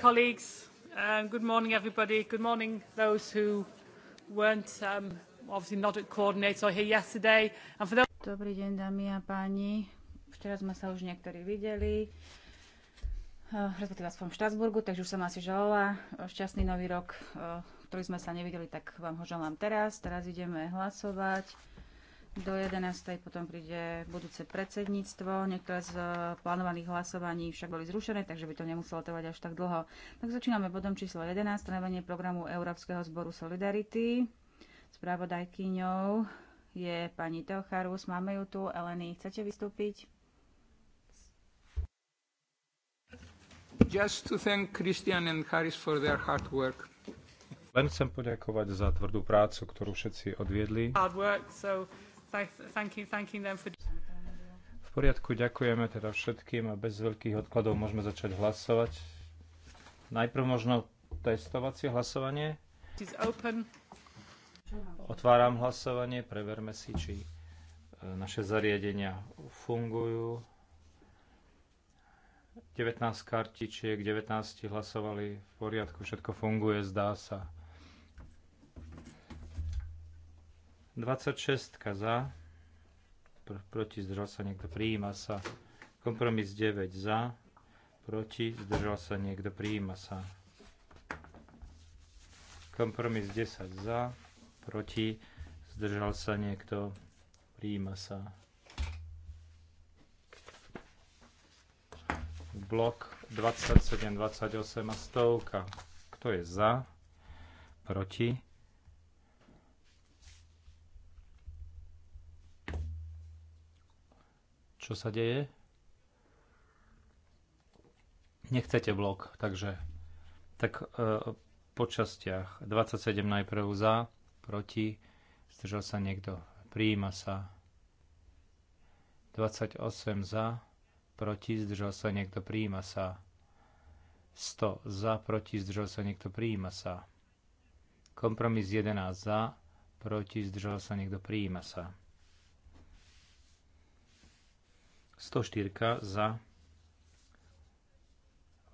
colleagues. Um, good morning, everybody. Good morning, those who weren't um, obviously not at coordinator here yesterday. And for those... Dobrý deň, dámy a páni. Včera sme sa už niektorí videli, uh, respektíve aspoň v Štrasburgu, takže už som asi želala eh, šťastný nový rok, uh, ktorý sme sa nevideli, tak vám ho želám teraz. Teraz ideme hlasovať do 11. potom príde budúce predsedníctvo. Niektoré z eh, plánovaných hlasovaní však boli zrušené, takže by to nemuselo trvať až tak dlho. Tak začíname bodom číslo 11, stanovenie programu Európskeho zboru Solidarity. Spravodajkyňou je pani Teocharus. Máme ju tu. Eleny, chcete vystúpiť? Just to thank Christian and Harris for their hard work. Len chcem poďakovať za tvrdú prácu, ktorú všetci odviedli. Hard work, so v poriadku, ďakujeme teda všetkým a bez veľkých odkladov môžeme začať hlasovať. Najprv možno testovacie hlasovanie. Otváram hlasovanie, preverme si, či e, naše zariadenia fungujú. 19 kartičiek, 19 hlasovali v poriadku, všetko funguje, zdá sa. 26 za, pr- proti zdržal sa niekto, prijíma sa. Kompromis 9 za, proti zdržal sa niekto, prijíma sa. Kompromis 10 za, proti zdržal sa niekto, prijíma sa. Blok 27, 28 a stovka. Kto je za? Proti? čo sa deje. Nechcete blok, takže tak e, po častiach. 27 najprv za, proti, zdržal sa niekto, prijíma sa. 28 za, proti, zdržal sa niekto, prijíma sa. 100 za, proti, zdržal sa niekto, prijíma sa. Kompromis 11 za, proti, zdržal sa niekto, prijíma sa. 104 za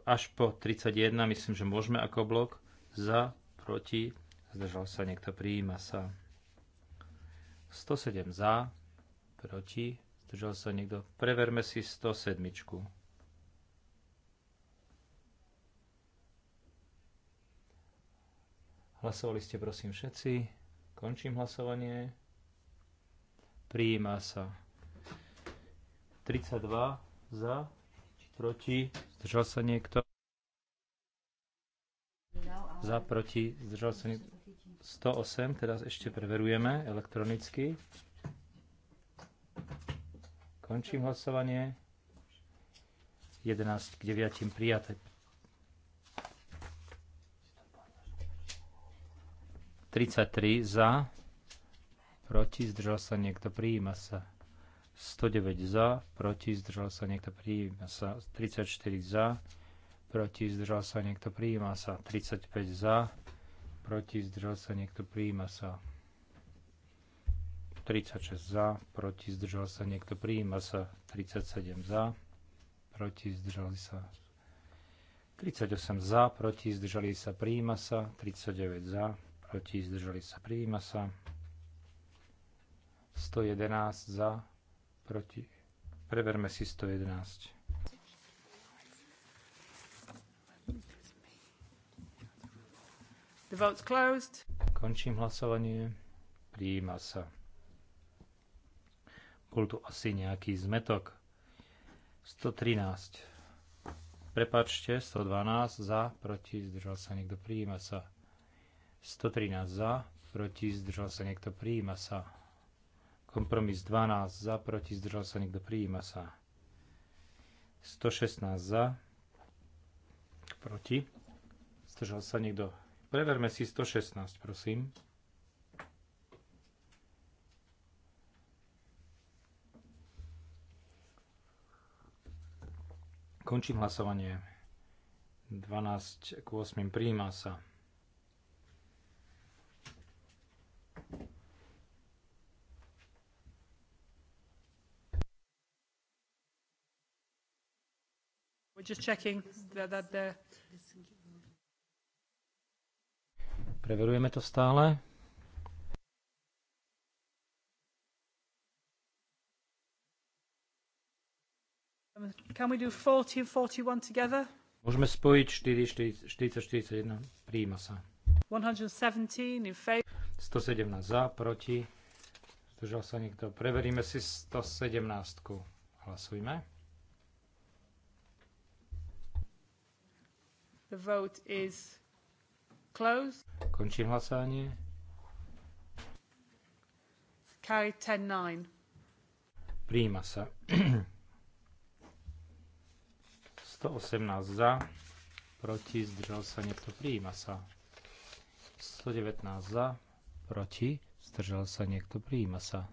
až po 31, myslím, že môžeme ako blok, za, proti, zdržal sa niekto, prijíma sa. 107 za, proti, zdržal sa niekto. Preverme si 107. Hlasovali ste prosím všetci. Končím hlasovanie. Prijíma sa. 32 za, proti, zdržal sa niekto. Za, proti, zdržal sa niekto. 108, teraz ešte preverujeme elektronicky. Končím hlasovanie. 11 k 9 prijaté. 33 za, proti, zdržal sa niekto, prijíma sa. 109 za, proti, zdržal sa niekto, prijíma sa. 34 za, proti, zdržal sa niekto, prijíma sa. 35 za, proti, zdržal sa niekto, prijíma sa. 36 za, proti, zdržal sa niekto, prijíma sa. 37 za, proti, zdržali sa. 38 za, proti, zdržali sa, prijíma sa. 39 za, proti, zdržali sa, prijíma sa. 111 za, proti. Preverme si 111. The vote's closed. Končím hlasovanie. Prijíma sa. Bol tu asi nejaký zmetok. 113. Prepačte, 112 za, proti, zdržal sa niekto, prijíma sa. 113 za, proti, zdržal sa niekto, prijíma sa. Kompromis 12 za, proti, zdržal sa niekto, prijíma sa. 116 za, proti, zdržal sa niekto. Preverme si 116, prosím. Končím hlasovanie. 12 k 8 prijíma sa. Just checking that, that the... Preverujeme to stále. Can we do 40 and 41 together? Môžeme spojiť 4, 40, 41. Príjima sa. 117 za, proti. Zdržal sa niekto. Preveríme si 117. Hlasujme. The vote is closed. Končím hlasovanie. Carry 10-9. Príjima sa. 118 za, proti, zdržal sa niekto, prijíma sa. 119 za, proti, zdržal sa niekto, prijíma sa.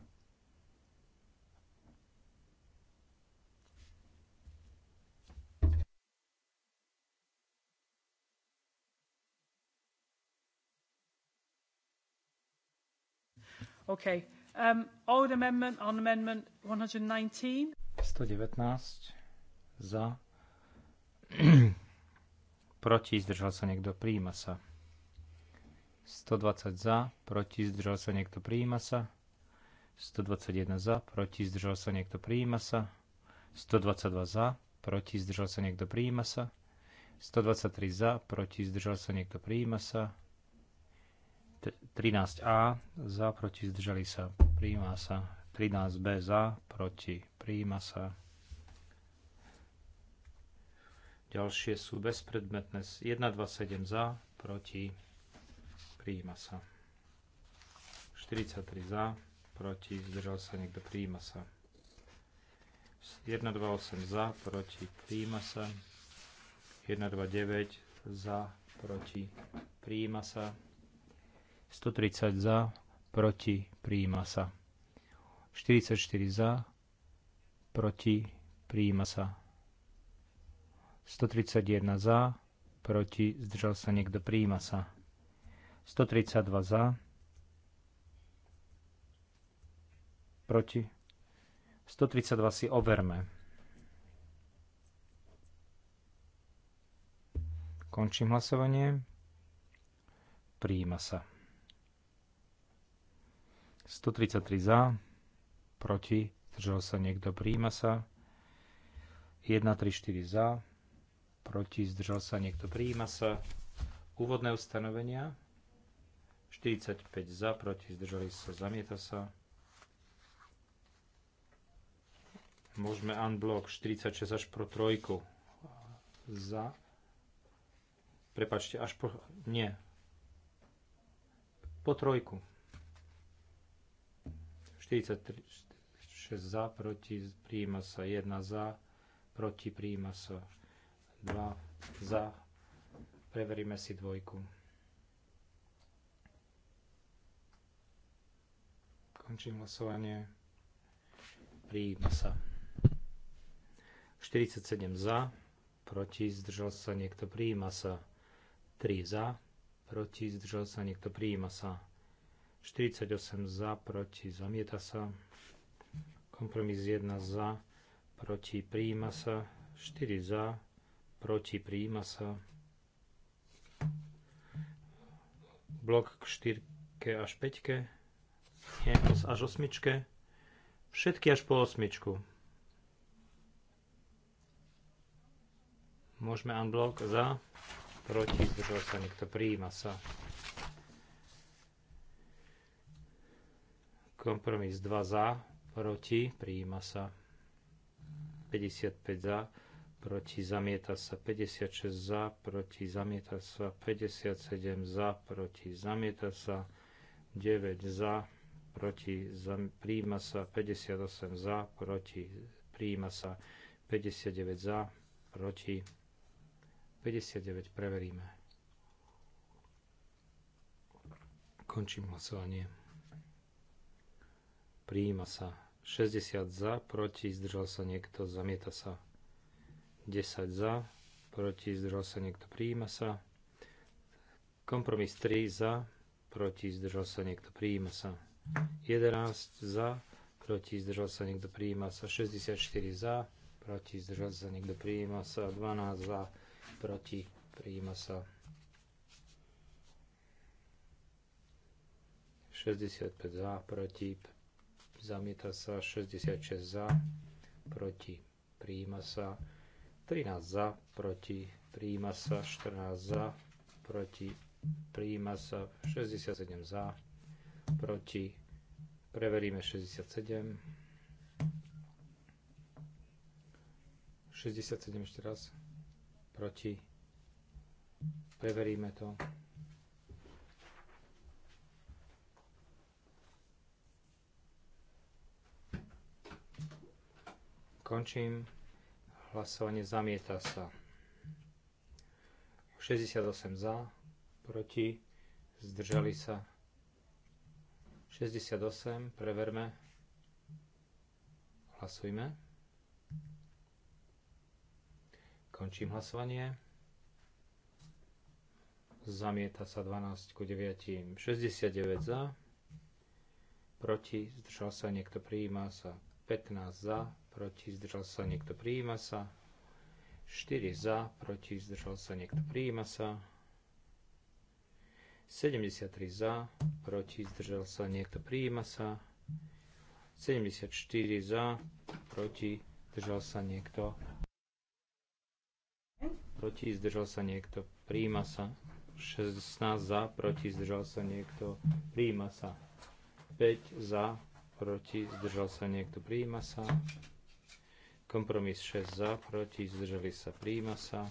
Okay. Um, old amendment on amendment 119. 119 za. proti, zdržal sa niekto, prijíma sa. 120 za, proti, zdržal sa niekto, prijíma sa. 121 za, proti, zdržal sa niekto, prijíma sa. 122 za, proti, zdržal sa niekto, prijíma sa. 123 za, proti, zdržal sa niekto, prijíma sa. 13a za, proti, zdržali sa, príjma sa. 13b za, proti, príjma sa. Ďalšie sú bezpredmetné. 127 za, proti, príjma sa. 43 za, proti, zdržal sa niekto, príjma sa. 128 za, proti, príjma sa. 129 za, proti, príjma sa. 130 za, proti, prijíma sa. 44 za, proti, prijíma sa. 131 za, proti, zdržal sa niekto, prijíma sa. 132 za, proti. 132 si overme. Končím hlasovanie. Prijíma sa. 133 za, proti, zdržal sa niekto, príjma sa. 1, 3, 4 za, proti, zdržal sa niekto, príjma sa. Úvodné ustanovenia. 45 za, proti, zdržali sa, zamieta sa. Môžeme unblock 46 až pro trojku. Za. Prepačte, až po... Nie. Po trojku. 46 za, proti, príjima sa 1 za, proti, príjima sa 2 za. Preveríme si dvojku. Končím hlasovanie. Príjima sa. 47 za, proti, zdržal sa, niekto príjima sa. 3 za, proti, zdržal sa, niekto príjima sa. 48 za, proti, zamieta sa. Kompromis 1 za, proti, prijíma sa. 4 za, proti, prijíma sa. Blok k 4 až 5, nie, až 8, všetky až po 8. Môžeme unblock za, proti, zdržal sa, niekto prijíma sa. Kompromis 2 za, proti, prijíma sa. 55 za, proti, zamieta sa. 56 za, proti, zamieta sa. 57 za, proti, zamieta sa. 9 za, proti, prijíma sa. 58 za, proti, prijíma sa. 59 za, proti. 59 preveríme. Končím hlasovanie. Prijíma sa. 60 za, proti, zdržal sa niekto, zamieta sa. 10 za, proti, zdržal sa niekto, prijíma sa. Kompromis 3 za, proti, zdržal sa niekto, prijíma sa. 11 za, proti, zdržal sa niekto, prijíma sa. 64 za, proti, zdržal sa niekto, prijíma sa. 12 za, proti, prijíma sa. 65 za, proti, zamieta sa 66 za, proti, prijíma sa 13 za, proti, prijíma sa 14 za, proti, prijíma sa 67 za, proti, preveríme 67, 67 ešte raz, proti, preveríme to, Končím. Hlasovanie zamieta sa. 68 za, proti, zdržali sa. 68, preverme. Hlasujme. Končím hlasovanie. Zamieta sa 12 ku 9. 69 za, proti, zdržal sa, niekto prijíma sa. 15 za, proti, zdržal sa niekto, prijíma sa. 4 za, proti, zdržal sa niekto, prijíma sa. 73 za, proti, zdržal sa niekto, prijíma sa. 74 za, proti, zdržal sa niekto. Proti, zdržal sa niekto, prijíma sa. 16 za, proti, zdržal sa niekto, prijíma sa. 5 za, proti, zdržal sa niekto, prijíma sa. Kompromis 6 za, proti, zdržali sa, príjma sa.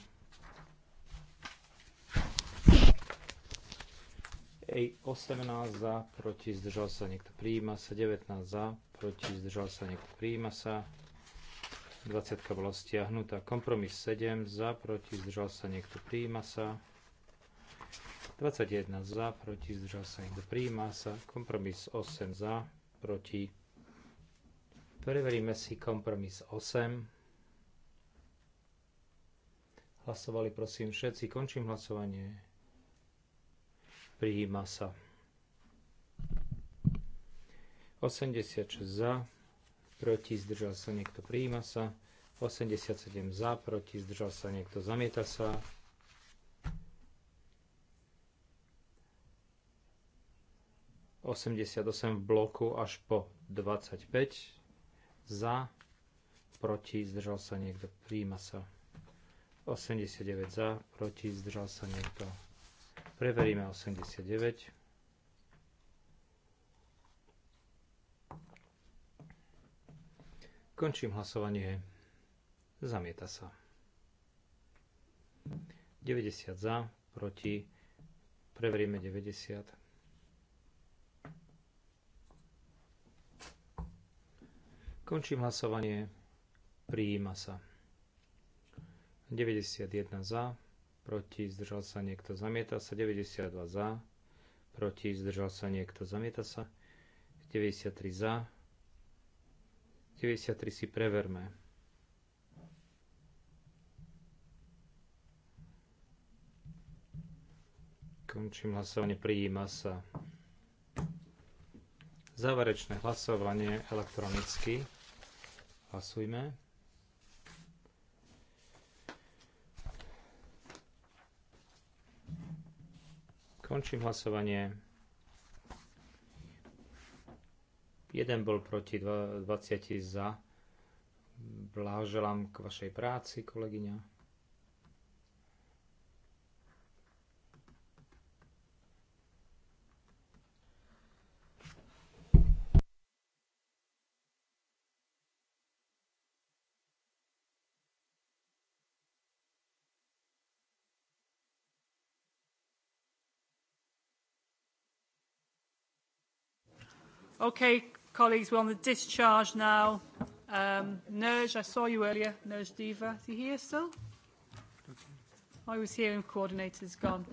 Ej, 18 za, proti, zdržal sa, niekto príjma sa. 19 za, proti, zdržal sa, niekto príjma sa. 20 bola stiahnutá. Kompromis 7 za, proti, zdržal sa, niekto príjma sa. 21 za, proti, zdržal sa, niekto príjma sa. Kompromis 8 za, proti, Preveríme si kompromis 8. Hlasovali prosím všetci. Končím hlasovanie. Prijíma sa. 86 za, proti zdržal sa niekto, prijíma sa. 87 za, proti zdržal sa niekto, zamieta sa. 88 v bloku až po 25 za, proti, zdržal sa niekto, príjma sa. 89 za, proti, zdržal sa niekto. Preveríme 89. Končím hlasovanie. Zamieta sa. 90 za, proti, preveríme 90. Končím hlasovanie. Prijíma sa. 91 za, proti zdržal sa niekto, zamieta sa. 92 za, proti zdržal sa niekto, zamieta sa. 93 za. 93 si preverme. Končím hlasovanie, prijíma sa. Záverečné hlasovanie elektronicky. Hlasujme. Končím hlasovanie. 1 bol proti 20 za. Blahoželám k vašej práci, kolegyňa. Okay, colleagues, we're on the discharge now. Um, Nerj, I saw you earlier. Nerj Diva, is he here still? I was here and coordinator's gone.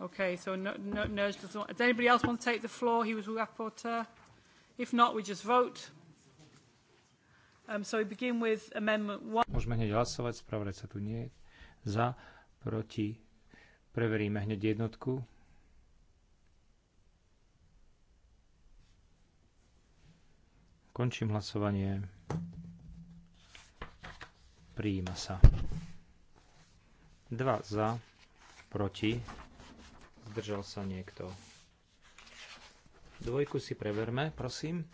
Okay, so no, no, Nerj doesn't want, Does anybody else want to take the floor? He was rapporteur. If not, we just vote. Um, so we begin with amendment one. Môžeme hneď hlasovať, spravodaj sa tu nie. Za, proti. Preveríme hneď jednotku. Končím hlasovanie. Prijíma sa. 2 za, proti. Zdržal sa niekto. Dvojku si preverme, prosím.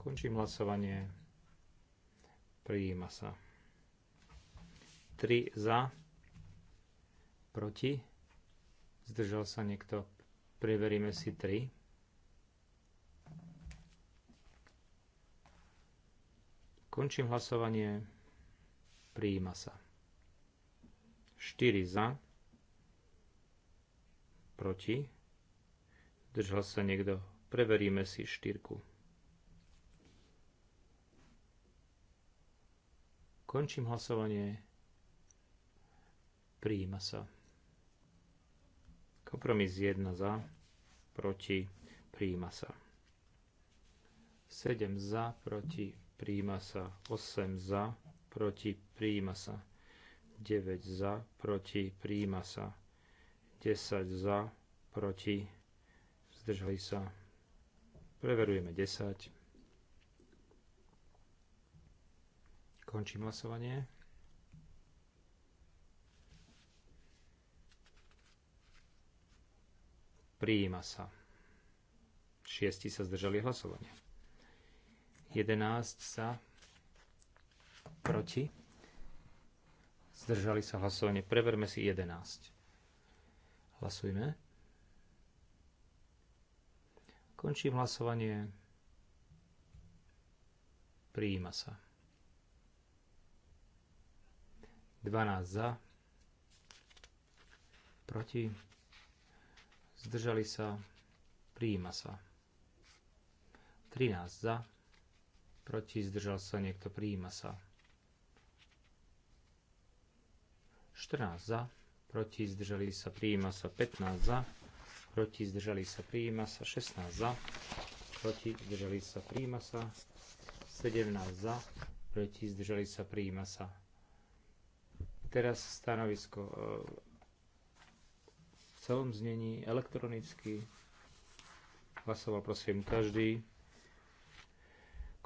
Končím hlasovanie. Prijíma sa. 3 za, proti. Zdržal sa niekto preveríme si 3. Končím hlasovanie. Prijíma sa. 4 za. Proti. Držal sa niekto. Preveríme si štyrku. Končím hlasovanie. Prijíma sa. Kompromis 1 za proti, príjima sa. 7 za, proti, príjima sa. 8 za, proti, príjima sa. 9 za, proti, príjima sa. 10 za, proti, zdržali sa. Preverujeme 10. Končím hlasovanie. Prijíma sa. Šiesti sa zdržali hlasovania. 11 sa proti. Zdržali sa hlasovanie. Preverme si 11. Hlasujme. Končím hlasovanie. Prijíma sa. 12 za. Proti zdržali sa, prijíma sa. 13 za, proti, zdržal sa niekto, prijíma sa. 14 za, proti, zdržali sa, prijíma sa. 15 za, proti, zdržali sa, prijíma sa. 16 za, proti, zdržali sa, prijíma sa. 17 za, proti, zdržali sa, prijíma sa. Teraz stanovisko e, celom znení elektronicky. Hlasoval prosím každý.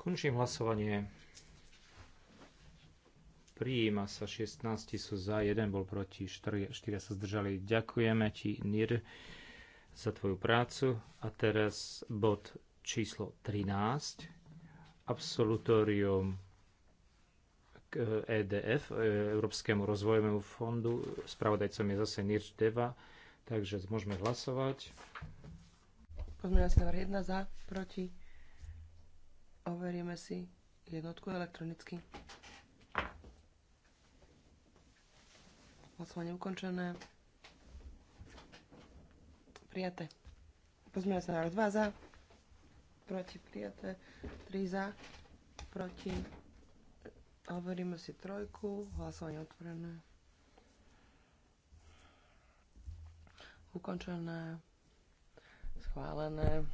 Končím hlasovanie. Prijíma sa 16 sú za, 1 bol proti, 4, 4 sa zdržali. Ďakujeme ti, Nir, za tvoju prácu. A teraz bod číslo 13. Absolutorium k EDF, e, Európskemu rozvojovému fondu. Spravodajcom je zase Nir Deva. Takže môžeme hlasovať. Pozmeňovací návrh 1 za, proti. Overíme si jednotku elektronicky. Hlasovanie ukončené. Prijaté. Pozmeňovací návrh 2 za, proti prijaté, 3 za, proti. Overíme si trojku, hlasovanie otvorené. Ukončené. Schválené.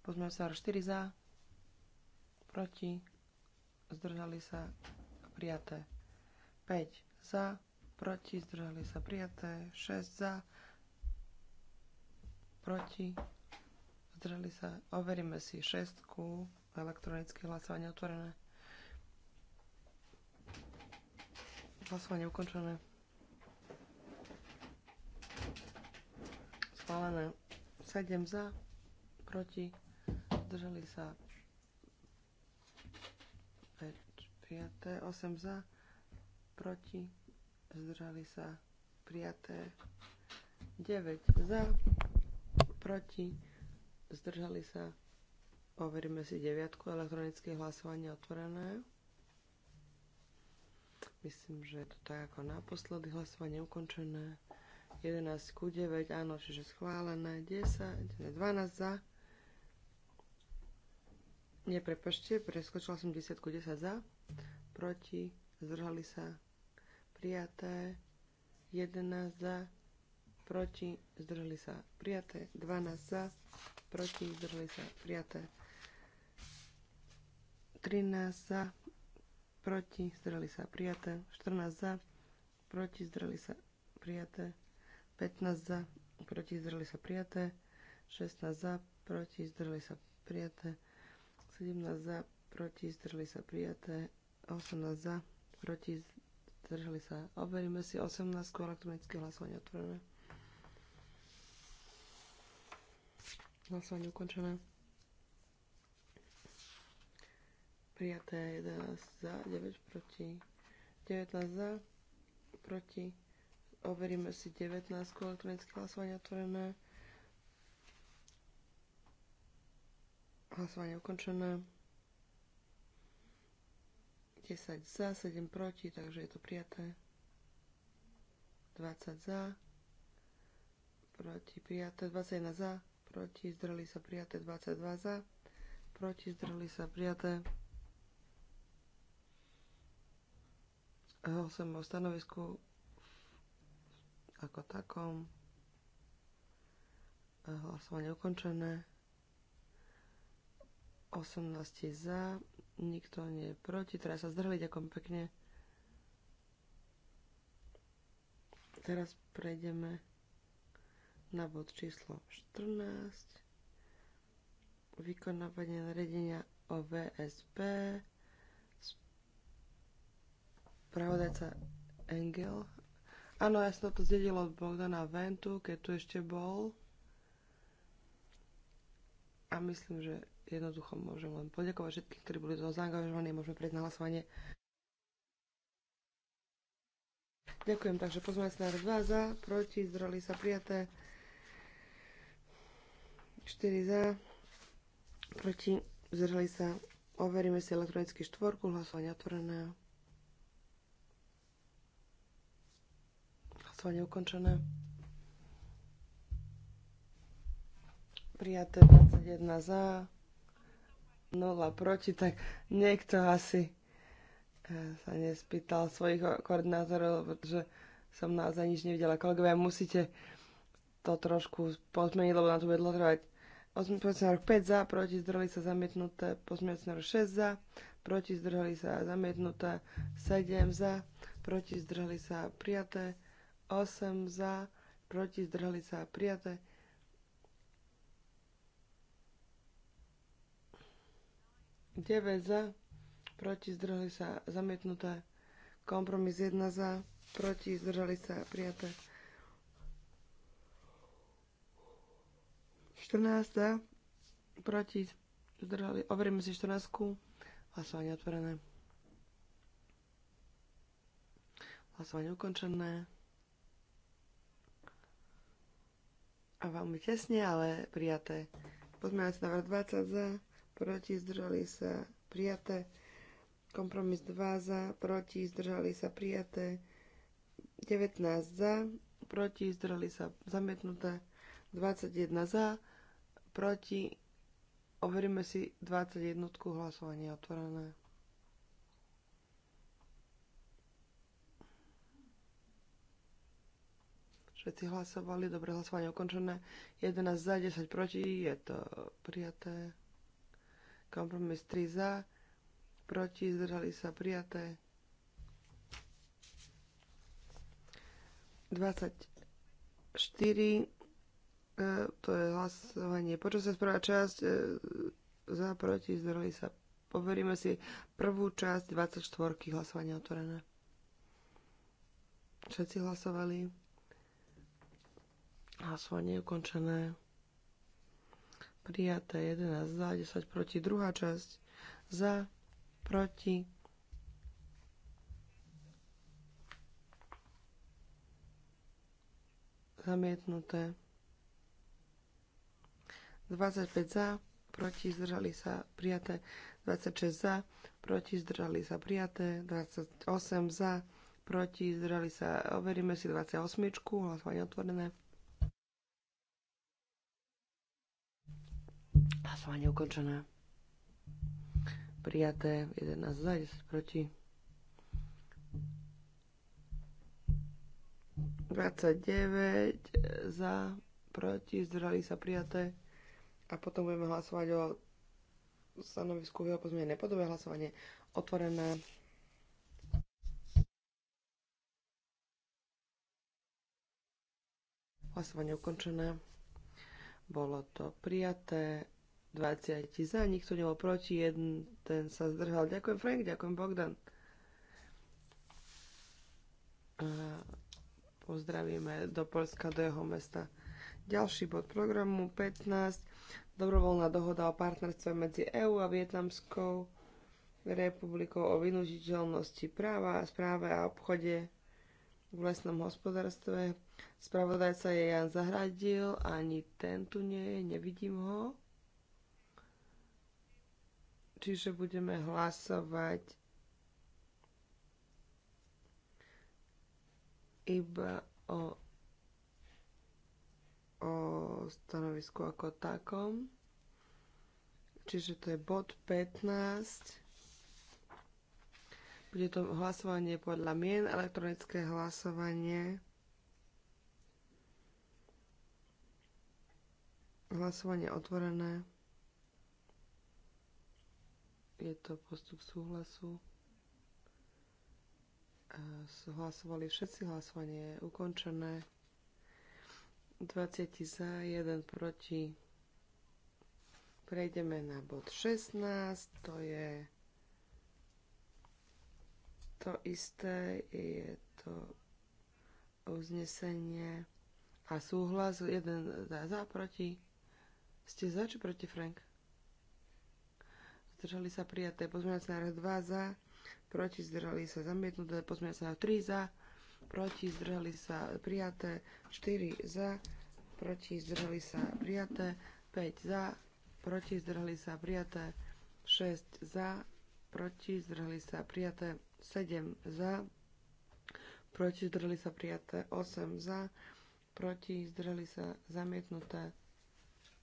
Pozme sa 4 za. Proti. Zdržali sa. Prijaté. 5 za. Proti. Zdržali sa. Prijaté. 6 za. Proti. Zdržali sa. Overíme si šestku. Elektronické hlasovanie otvorené. Hlasovanie ukončené. schválené. 7 za, proti, zdržali sa 5, 5, 8 za, proti, zdržali sa prijaté 9 za, proti, zdržali sa overíme si 9. elektronické hlasovanie otvorené myslím, že je to tak ako naposledy hlasovanie ukončené 11 ku 9, áno, čiže schválené, 10, 12 za. Neprepašte, preskočila som 10 ku 10 za, proti, zdržali sa, prijaté, 11 za, proti, zdržali sa, prijaté, 12 za, proti, zdržali sa, prijaté, 13 za, proti, zdržali sa, prijaté, 14 za, proti, zdržali sa, prijaté, 15 za, proti zdrli sa prijaté, 16 za, proti zdrli sa prijaté, 17 za, proti zdrli sa prijaté, 18 za, proti zdrli sa. Overíme si 18 elektronické hlasovanie otvorené. Hlasovanie ukončené. Prijaté 11 za, 9 proti, 19 za, proti overíme si 19 elektronické hlasovanie otvorené. Hlasovanie ukončené. 10 za, 7 proti, takže je to prijaté. 20 za, proti prijaté, 21 za, proti zdrhli sa prijaté, 22 za, proti zdrhli sa prijaté. 8 o stanovisku ako takom. Hlasovanie ukončené. 18 za, nikto nie je proti, teraz sa zdrhli, ďakujem pekne. Teraz prejdeme na bod číslo 14. Vykonávanie naredenia o VSP. pravodajca Engel Áno, ja som to zdedil od Bogdana Ventu, keď tu ešte bol. A myslím, že jednoducho môžem len poďakovať všetkým, ktorí boli toho zaangažovaní. Môžeme prejsť na hlasovanie. Ďakujem, takže sa na 2 za, proti, zdrali sa prijaté. 4 za, proti, zdrhli sa. Overíme si elektronicky štvorku, hlasovanie otvorené. Hlasovanie neukončené. Prijaté 21 za, 0 proti, tak niekto asi eh, sa nespýtal svojich koordinátorov, pretože som naozaj nič nevidela. Kolegovia, musíte to trošku pozmeniť, lebo na to vedlo trvať. 8 návrh 5 za, proti zdrhli sa zamietnuté. Pozmeňujúci návrh 6 za, proti zdrhli sa zamietnuté. 7 za, proti zdrhli sa prijaté. 8 za, proti, zdrhli sa prijaté. 9 za, proti, zdrhli sa zamietnuté. Kompromis 1 za, proti, zdržali sa prijaté. 14 za, proti, zdrhli, overíme si 14. Hlasovanie otvorené. Hlasovanie ukončené. A veľmi tesne, ale prijaté. Pozmeňovací návrh 20 za, proti, zdržali sa, prijaté. Kompromis 2 za, proti, zdržali sa, prijaté. 19 za, proti, zdržali sa, zamietnuté. 21 za, proti, overíme si 21 hlasovanie otvorené. Všetci hlasovali, dobre hlasovanie ukončené. 11 za, 10 proti, je to prijaté. Kompromis 3 za, proti, zdržali sa prijaté. 24, e, to je hlasovanie počasia prvá časť, e, za, proti, zdržali sa. poveríme si prvú časť 24 hlasovania otvorené. Všetci hlasovali. Hlasovanie je ukončené. Prijaté 11 za, 10 proti. Druhá časť za, proti. Zamietnuté. 25 za, proti, zdržali sa, prijaté. 26 za, proti, zdržali sa, prijaté. 28 za, proti, zdržali sa, overíme si 28, hlasovanie otvorené. Hlasovanie ukončené. Prijaté 11 za, 10 proti. 29 za, proti, zdržali sa prijaté. A potom budeme hlasovať o stanovisku v jeho pozmienenej podobe. Hlasovanie otvorené. Hlasovanie ukončené. Bolo to prijaté. 20 za, nikto nebol proti, jeden ten sa zdržal. Ďakujem Frank, ďakujem Bogdan. A pozdravíme do Polska, do jeho mesta. Ďalší bod programu 15. Dobrovoľná dohoda o partnerstve medzi EÚ a Vietnamskou republikou o vynúžiteľnosti práva, správe a obchode v lesnom hospodárstve. Spravodajca je Jan Zahradil, ani ten tu nie je, nevidím ho. Čiže budeme hlasovať iba o, o stanovisku ako takom. Čiže to je bod 15. Bude to hlasovanie podľa mien, elektronické hlasovanie. Hlasovanie otvorené. Je to postup súhlasu. Súhlasovali všetci, hlasovanie je ukončené. 20 za, 1 proti. Prejdeme na bod 16, to je to isté, je to uznesenie a súhlas, jeden za, za proti. Ste za či proti, Frank? zdržali sa prijaté, pozmeňovací návrh 2 za, proti zdržali sa zamietnuté, pozmeňovací návrh 3 za, proti zdržali sa prijaté, 4 za, proti zdržali sa prijaté, 5 za, proti zdržali sa prijaté, 6 za, proti zdržali sa prijaté, 7 za, proti zdržali sa prijaté, 8 za, proti zdržali sa zamietnuté,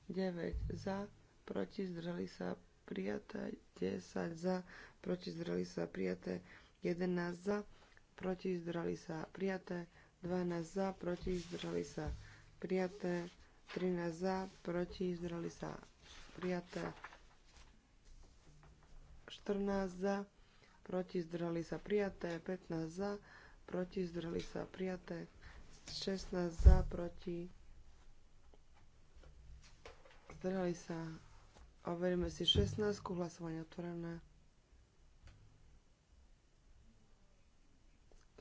9 za, proti zdržali sa prijaté, 10 za, proti zdrali sa prijaté, 11 za, proti zdrali sa prijaté, 12 za, proti zdrali sa prijaté, 13 za, proti zdrali sa prijaté, 14 za, proti zdrali sa prijaté, 15 za, proti zdrali sa prijaté, 16 za, proti zdrali sa Overíme si 16, hlasovanie otvorené.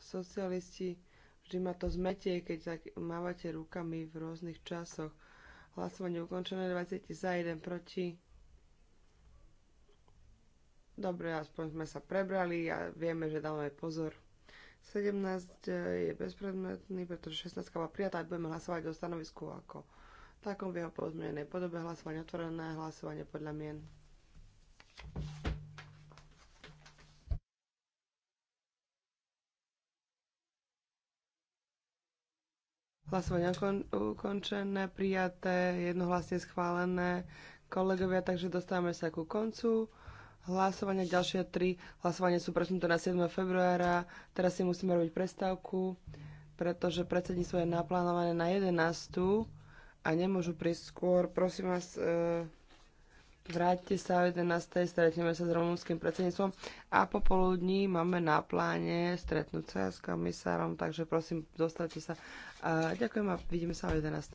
Socialisti, vždy ma to zmetie, keď tak mávate rukami v rôznych časoch. Hlasovanie ukončené 20 za 1 proti. Dobre, aspoň sme sa prebrali a vieme, že dávame pozor. 17 eh, je bezpredmetný, pretože 16 bola prijatá a budeme hlasovať o stanovisku ako takom v jeho pozmenenej podobe hlasovanie otvorené, hlasovanie podľa mien. Hlasovanie ukončené, prijaté, jednohlasne schválené. Kolegovia, takže dostávame sa ku koncu hlasovania. Ďalšie tri hlasovania sú presunuté na 7. februára. Teraz si musíme robiť prestávku, pretože predsedníctvo je naplánované na 11 a nemôžu prísť skôr. Prosím vás, e, vráťte sa o 11. stretneme sa s rumúnskym predsedníctvom a popoludní máme na pláne stretnúť sa s komisárom, takže prosím, dostavte sa. E, ďakujem a vidíme sa o 11.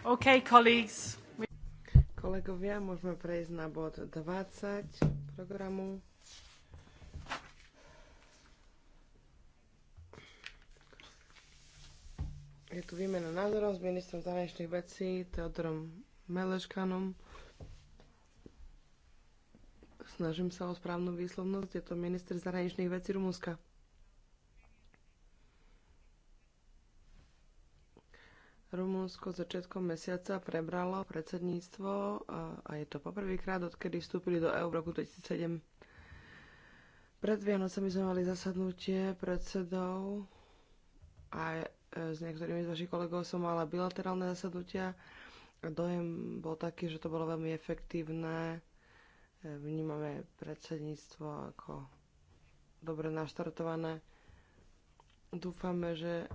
Okay, colleagues. Kolegovia, môžeme prejsť na bod 20 programu. Je tu výmena názorov s ministrom zahraničných vecí Teodorom Meleškanom. Snažím sa o správnu výslovnosť. Je to minister zahraničných vecí Rumunska. Rumunsko začiatkom mesiaca prebralo predsedníctvo a je to poprvýkrát, odkedy vstúpili do EU v roku 2007. Pred Vianocami sme mali zasadnutie predsedov a e, s niektorými z vašich kolegov som mala bilaterálne zasadnutia. Dojem bol taký, že to bolo veľmi efektívne. E, vnímame predsedníctvo ako dobre naštartované. Dúfame, že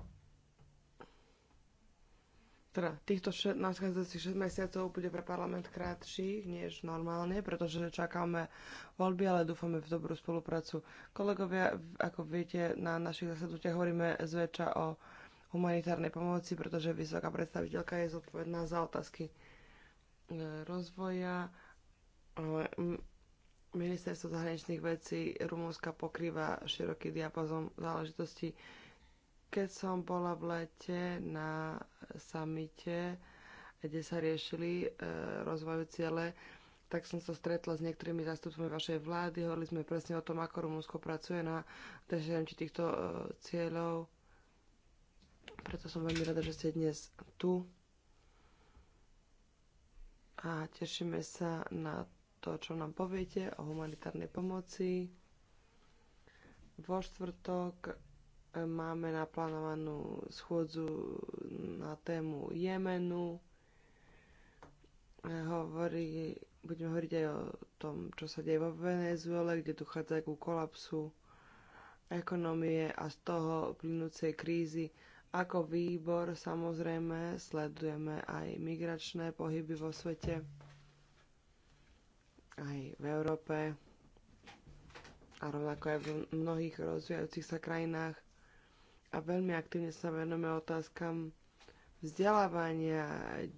teda týchto še- nadchádzajúcich 6 mesiacov bude pre parlament krátších než normálne, pretože čakáme voľby, ale dúfame v dobrú spoluprácu. Kolegovia, ako viete, na našich zasadnutiach hovoríme zväčša o humanitárnej pomoci, pretože vysoká predstaviteľka je zodpovedná za otázky e, rozvoja, ministerstvo zahraničných vecí Rumúnska pokrýva široký diapazon záležitostí keď som bola v lete na samite, kde sa riešili e, rozvojové ciele, tak som sa stretla s niektorými zástupcami vašej vlády, hovorili sme presne o tom, ako Rumunsko pracuje na dosiahnutí týchto e, cieľov. Preto som veľmi rada, že ste dnes tu a tešíme sa na to, čo nám poviete o humanitárnej pomoci. Vo štvrtok Máme naplánovanú schôdzu na tému Jemenu. Hovorí, budeme hovoriť aj o tom, čo sa deje vo Venezuele, kde dochádza ku kolapsu ekonomie a z toho plynúcej krízy. Ako výbor samozrejme sledujeme aj migračné pohyby vo svete, aj v Európe a rovnako aj v mnohých rozvíjajúcich sa krajinách a veľmi aktívne sa venujeme otázkam vzdelávania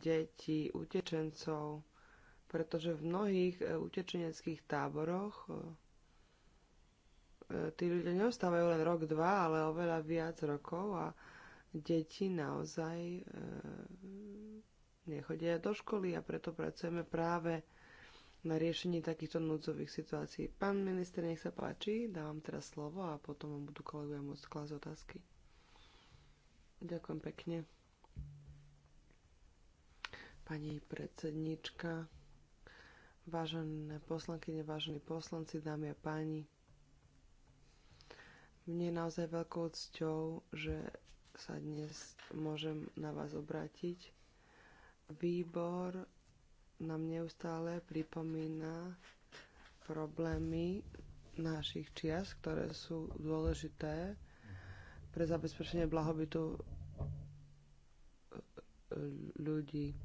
detí, utečencov, pretože v mnohých e, utečeneckých táboroch e, e, tí ľudia neostávajú len rok, dva, ale oveľa viac rokov a deti naozaj nechodia do školy a preto pracujeme práve na riešení takýchto núdzových situácií. Pán minister, nech sa páči, dávam teraz slovo a potom vám budú kolegovia môcť klásť otázky. Ďakujem pekne. Pani predsednička, vážené poslankyne, vážení poslanci, dámy a páni, mne je naozaj veľkou cťou, že sa dnes môžem na vás obrátiť. Výbor nám neustále pripomína problémy našich čias, ktoré sú dôležité pre zabezpečenie blahobytu e, e, ľudí.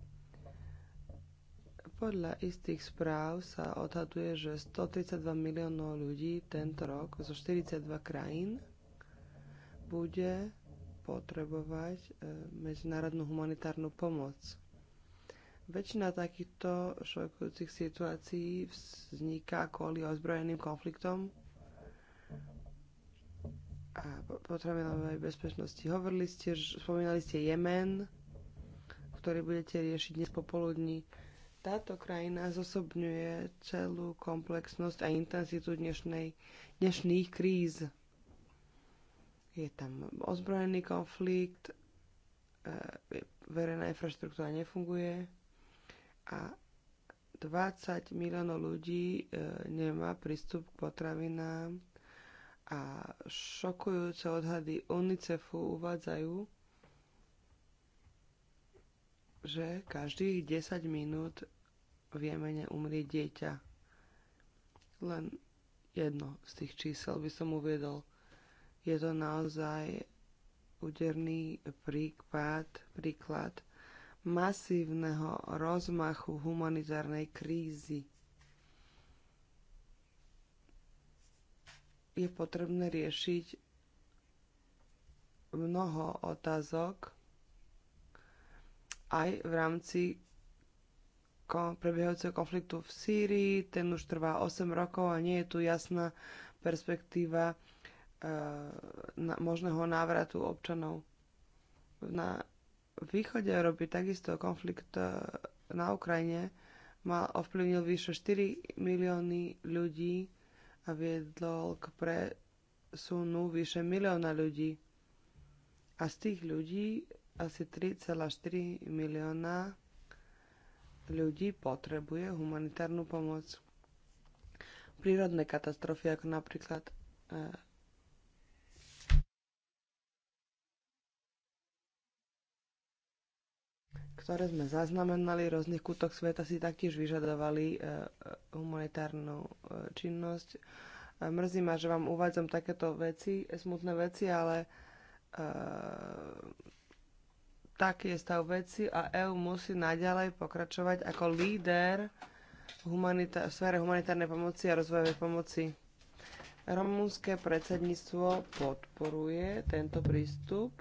Podľa istých správ sa odhaduje, že 132 miliónov ľudí tento rok zo 42 krajín bude potrebovať e, medzinárodnú humanitárnu pomoc. Väčšina takýchto šokujúcich situácií vzniká kvôli ozbrojeným konfliktom a potravinovej bezpečnosti. Hovorili ste, spomínali ste Jemen, ktorý budete riešiť dnes popoludní. Táto krajina zosobňuje celú komplexnosť a intenzitu dnešnej, dnešných kríz. Je tam ozbrojený konflikt, e, verejná infraštruktúra nefunguje a 20 miliónov ľudí e, nemá prístup k potravinám a šokujúce odhady UNICEFu uvádzajú, že každých 10 minút v Jemene umrie dieťa. Len jedno z tých čísel by som uviedol. Je to naozaj úderný príklad, príklad masívneho rozmachu humanitárnej krízy. je potrebné riešiť mnoho otázok aj v rámci prebiehajúceho konfliktu v Sýrii. Ten už trvá 8 rokov a nie je tu jasná perspektíva eh, možného návratu občanov. Na východe Európy takisto konflikt eh, na Ukrajine má ovplyvnil vyše 4 milióny ľudí a viedlo k presunu vyše milióna ľudí. A z tých ľudí asi 3,4 milióna ľudí potrebuje humanitárnu pomoc. Prírodné katastrofy, ako napríklad eh, ktoré sme zaznamenali v rôznych kútoch sveta, si taktiež vyžadovali e, e, humanitárnu e, činnosť. Mrzí ma, že vám uvádzam takéto veci, smutné veci, ale taký je stav veci a EU musí naďalej pokračovať ako líder humanita- v sfére humanitárnej pomoci a rozvojovej pomoci. Rumunské predsedníctvo podporuje tento prístup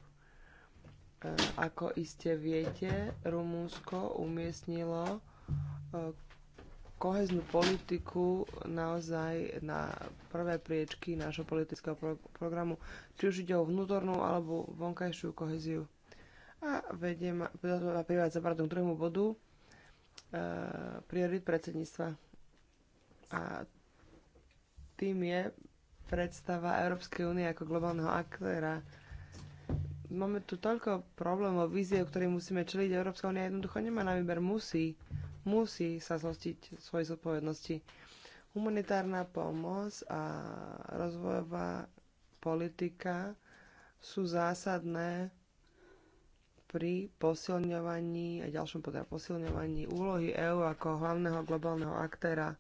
E, ako iste viete, Rumúnsko umiestnilo e, koheznú politiku naozaj na prvé priečky nášho politického pro- programu, či už ide o vnútornú alebo vonkajšiu koheziu. A vediem ma, privádza pardon, k druhému bodu e, priorit predsedníctva. A tým je predstava Európskej únie ako globálneho aktéra, máme tu toľko problémov, vízie, ktorým musíme čeliť. Európska únia jednoducho nemá na výber. Musí, musí sa zhostiť svojej zodpovednosti. Humanitárna pomoc a rozvojová politika sú zásadné pri posilňovaní a ďalšom teda posilňovaní úlohy EÚ ako hlavného globálneho aktéra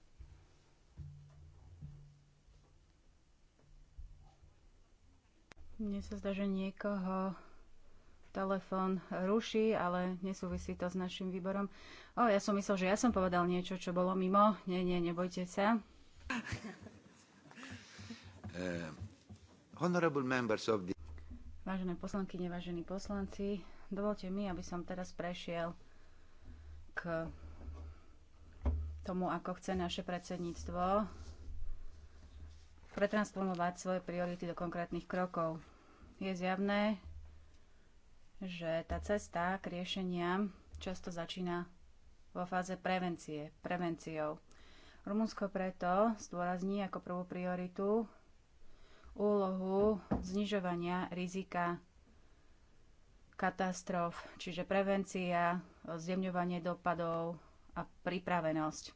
Mne sa zdá, že niekoho telefón ruší, ale nesúvisí to s našim výborom. O, ja som myslel, že ja som povedal niečo, čo bolo mimo. Nie, nie, nebojte sa. Eh, Vážené poslanky, vážení poslanci, dovolte mi, aby som teraz prešiel k tomu, ako chce naše predsedníctvo pretransformovať svoje priority do konkrétnych krokov je zjavné, že tá cesta k riešeniam často začína vo fáze prevencie, prevenciou. Rumunsko preto zdôrazní ako prvú prioritu úlohu znižovania rizika katastrof, čiže prevencia, zjemňovanie dopadov a pripravenosť.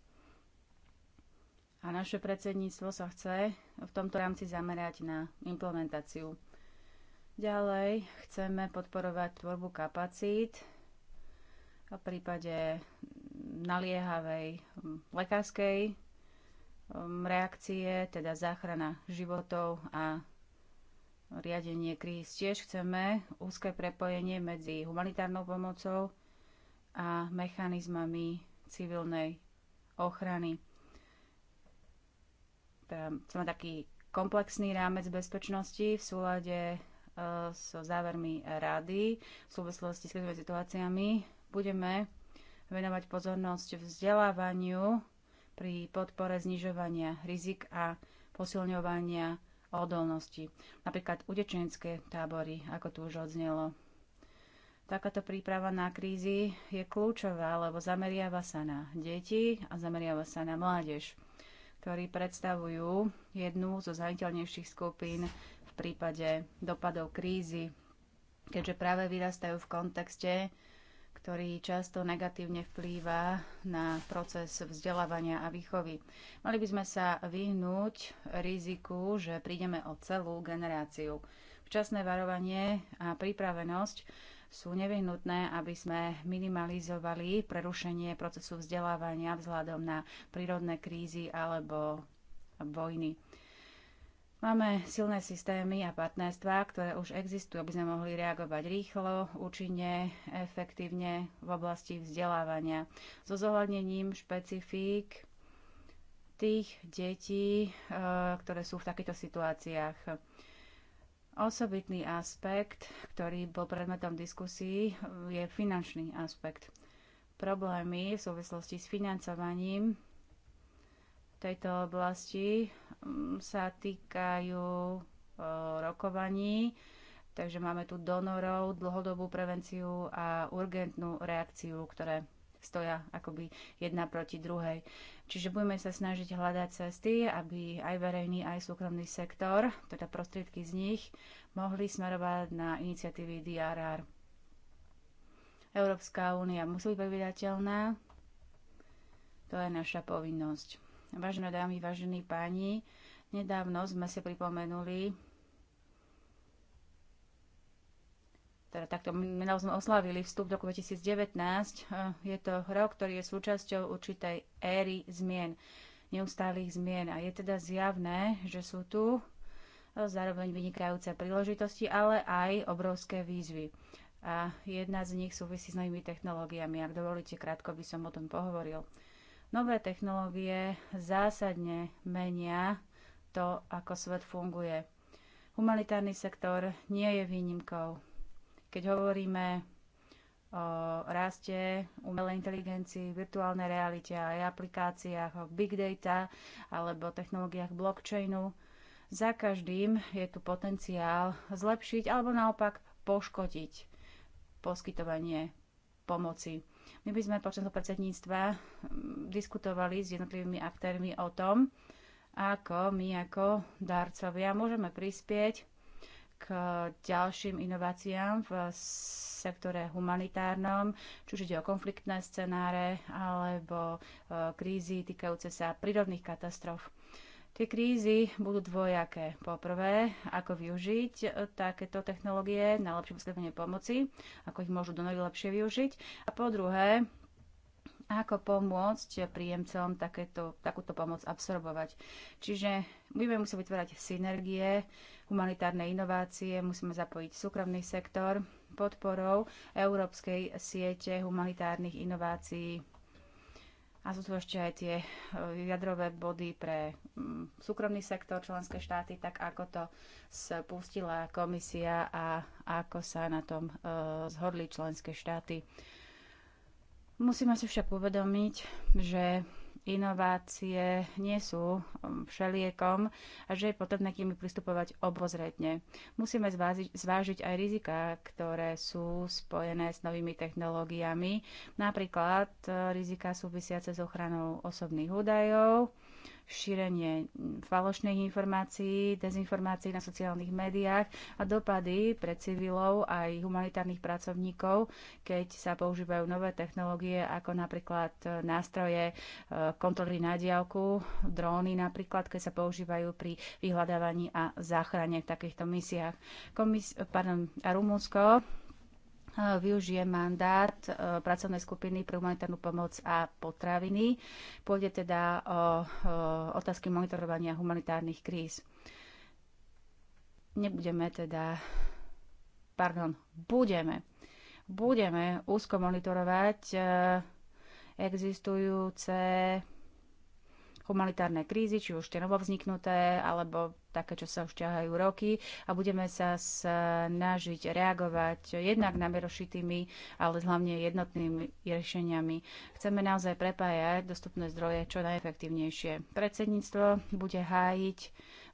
A naše predsedníctvo sa chce v tomto rámci zamerať na implementáciu. Ďalej chceme podporovať tvorbu kapacít v prípade naliehavej hm, lekárskej hm, reakcie, teda záchrana životov a riadenie kríz. Tiež chceme úzke prepojenie medzi humanitárnou pomocou a mechanizmami civilnej ochrany. Teda chceme taký komplexný rámec bezpečnosti v súlade Eh, s závermi rady v súvislosti s krizovými situáciami budeme venovať pozornosť vzdelávaniu pri podpore znižovania rizik a posilňovania odolnosti. Napríklad utečenské tábory, ako tu už odznelo. Takáto príprava na krízy je kľúčová, lebo zameriava sa na deti a zameriava sa na mládež ktorí predstavujú jednu zo zraniteľnejších skupín v prípade dopadov krízy, keďže práve vyrastajú v kontexte, ktorý často negatívne vplýva na proces vzdelávania a výchovy. Mali by sme sa vyhnúť riziku, že prídeme o celú generáciu. Včasné varovanie a pripravenosť sú nevyhnutné, aby sme minimalizovali prerušenie procesu vzdelávania vzhľadom na prírodné krízy alebo vojny. Máme silné systémy a partnerstvá, ktoré už existujú, aby sme mohli reagovať rýchlo, účinne, efektívne v oblasti vzdelávania. So zohľadnením špecifík tých detí, eh, ktoré sú v takýchto situáciách. Osobitný aspekt, ktorý bol predmetom diskusí, je finančný aspekt. Problémy v súvislosti s financovaním tejto oblasti mm, sa týkajú e, rokovaní, takže máme tu donorov, dlhodobú prevenciu a urgentnú reakciu, ktoré stoja akoby jedna proti druhej. Čiže budeme sa snažiť hľadať cesty, aby aj verejný, aj súkromný sektor, teda prostriedky z nich, mohli smerovať na iniciatívy DRR. Európska únia musí byť vydateľná. To je naša povinnosť. Vážené dámy, vážení páni, nedávno sme si pripomenuli teda takto minul sme oslavili vstup do roku 2019. Eh, je to rok, ktorý je súčasťou určitej éry zmien, neustálých zmien. A je teda zjavné, že sú tu eh, zároveň vynikajúce príležitosti, ale aj obrovské výzvy. A jedna z nich súvisí s novými technológiami. Ak dovolíte, krátko by som o tom pohovoril. Nové technológie zásadne menia to, ako svet funguje. Humanitárny sektor nie je výnimkou. Keď hovoríme o raste umelej inteligencii, virtuálnej realite aj aplikáciách, o big data alebo technológiách blockchainu, za každým je tu potenciál zlepšiť alebo naopak poškodiť poskytovanie pomoci. My by sme počas predsedníctva diskutovali s jednotlivými aktérmi o tom, ako my ako darcovia môžeme prispieť k ďalším inováciám v sektore humanitárnom, či už ide o konfliktné scenáre alebo e, krízy týkajúce sa prírodných katastrof. Tie krízy budú dvojaké. Poprvé, ako využiť e, takéto technológie na lepšie poskytovanie pomoci, ako ich môžu do najlepšie využiť. A po druhé, ako pomôcť príjemcom takéto, takúto pomoc absorbovať. Čiže budeme musieť vytvárať synergie, humanitárne inovácie, musíme zapojiť súkromný sektor podporou Európskej siete humanitárnych inovácií. A sú tu ešte aj tie e, jadrové body pre mm, súkromný sektor, členské štáty, tak ako to spustila komisia a ako sa na tom e, zhodli členské štáty. Musíme si však uvedomiť, že inovácie nie sú um, všeliekom a že je potrebné k nimi pristupovať obozretne. Musíme zvážiť, zvážiť aj rizika, ktoré sú spojené s novými technológiami, napríklad uh, rizika súvisiace s ochranou osobných údajov, šírenie falošných informácií, dezinformácií na sociálnych médiách a dopady pre civilov aj humanitárnych pracovníkov, keď sa používajú nové technológie ako napríklad eh, nástroje eh, kontroly na diálku, dróny napríklad, keď sa používajú pri vyhľadávaní a záchrane v takýchto misiách. Komis- pardon, Rumunsko využije mandát e, pracovnej skupiny pre humanitárnu pomoc a potraviny. Pôjde teda o otázky monitorovania humanitárnych kríz. Nebudeme teda, pardon, budeme, budeme úzko monitorovať e, existujúce humanitárne krízy, či už tie novo vzniknuté, alebo také, čo sa už ťahajú roky a budeme sa snažiť reagovať jednak na rozšitými, ale hlavne jednotnými riešeniami. Chceme naozaj prepájať dostupné zdroje čo najefektívnejšie. Predsedníctvo bude hájiť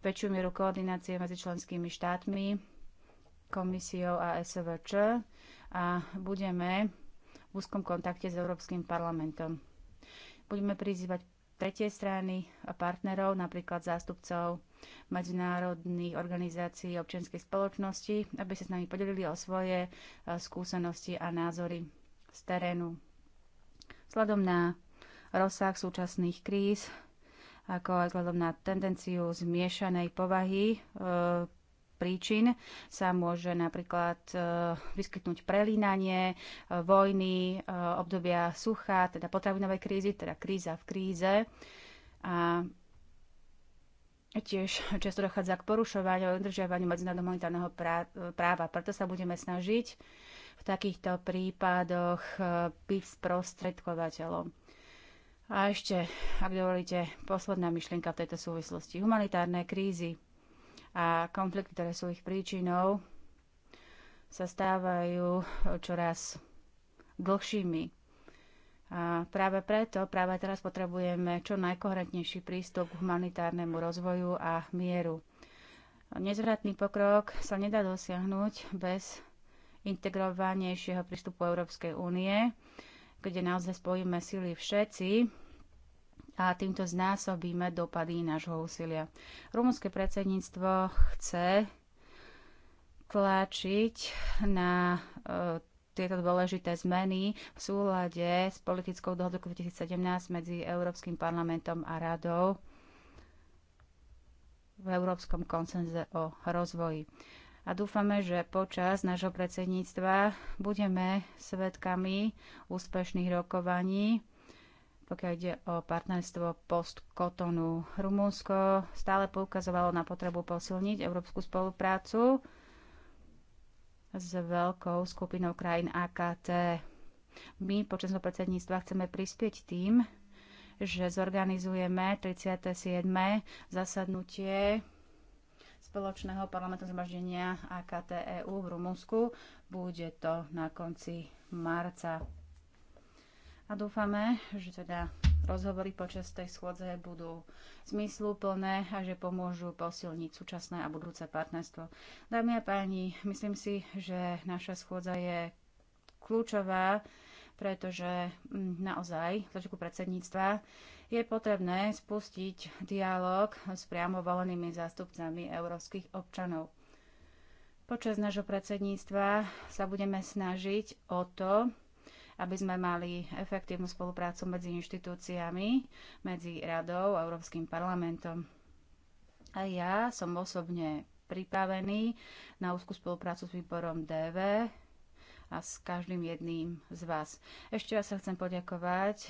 väčšiu mieru koordinácie medzi členskými štátmi, komisiou a SVČ a budeme v úzkom kontakte s Európskym parlamentom. Budeme prizývať tretie strany a partnerov, napríklad zástupcov medzinárodných organizácií občianskej spoločnosti, aby sa s nami podelili o svoje e, skúsenosti a názory z terénu. vzhľadom na rozsah súčasných kríz, ako aj vzhľadom na tendenciu zmiešanej povahy e, príčin sa môže napríklad e, vyskytnúť prelínanie, e, vojny, e, obdobia sucha, teda potravinovej krízy, teda kríza v kríze. A Tiež často dochádza k porušovaniu a udržiavaniu medzinárodného humanitárneho práva. Preto sa budeme snažiť v takýchto prípadoch byť sprostredkovateľom. A ešte, ak dovolíte, posledná myšlienka v tejto súvislosti. Humanitárne krízy a konflikty, ktoré sú ich príčinou, sa stávajú čoraz dlhšími. A práve preto, práve teraz potrebujeme čo najkohrentnejší prístup k humanitárnemu rozvoju a mieru. Nezvratný pokrok sa nedá dosiahnuť bez integrovanejšieho prístupu Európskej únie, kde naozaj spojíme sily všetci, a týmto znásobíme dopady nášho úsilia. Rumunské predsedníctvo chce tlačiť na e, tieto dôležité zmeny v súlade s politickou dohodou 2017 medzi Európskym parlamentom a radou v Európskom koncenze o rozvoji. A dúfame, že počas nášho predsedníctva budeme svedkami úspešných rokovaní pokiaľ ide o partnerstvo post-Kotonu. Rumunsko stále poukazovalo na potrebu posilniť európsku spoluprácu s veľkou skupinou krajín AKT. My počas predsedníctva chceme prispieť tým, že zorganizujeme 37. zasadnutie spoločného parlamentu zhromaždenia AKT EU v Rumunsku. Bude to na konci marca a dúfame, že teda rozhovory počas tej schôdze budú zmysluplné a že pomôžu posilniť súčasné a budúce partnerstvo. Dámy a páni, myslím si, že naša schôdza je kľúčová, pretože mm, naozaj v začiatku predsedníctva je potrebné spustiť dialog s priamo volenými zástupcami európskych občanov. Počas nášho predsedníctva sa budeme snažiť o to, aby sme mali efektívnu spoluprácu medzi inštitúciami, medzi radou a Európskym parlamentom. A ja som osobne pripravený na úzkú spoluprácu s výborom DV a s každým jedným z vás. Ešte raz sa chcem poďakovať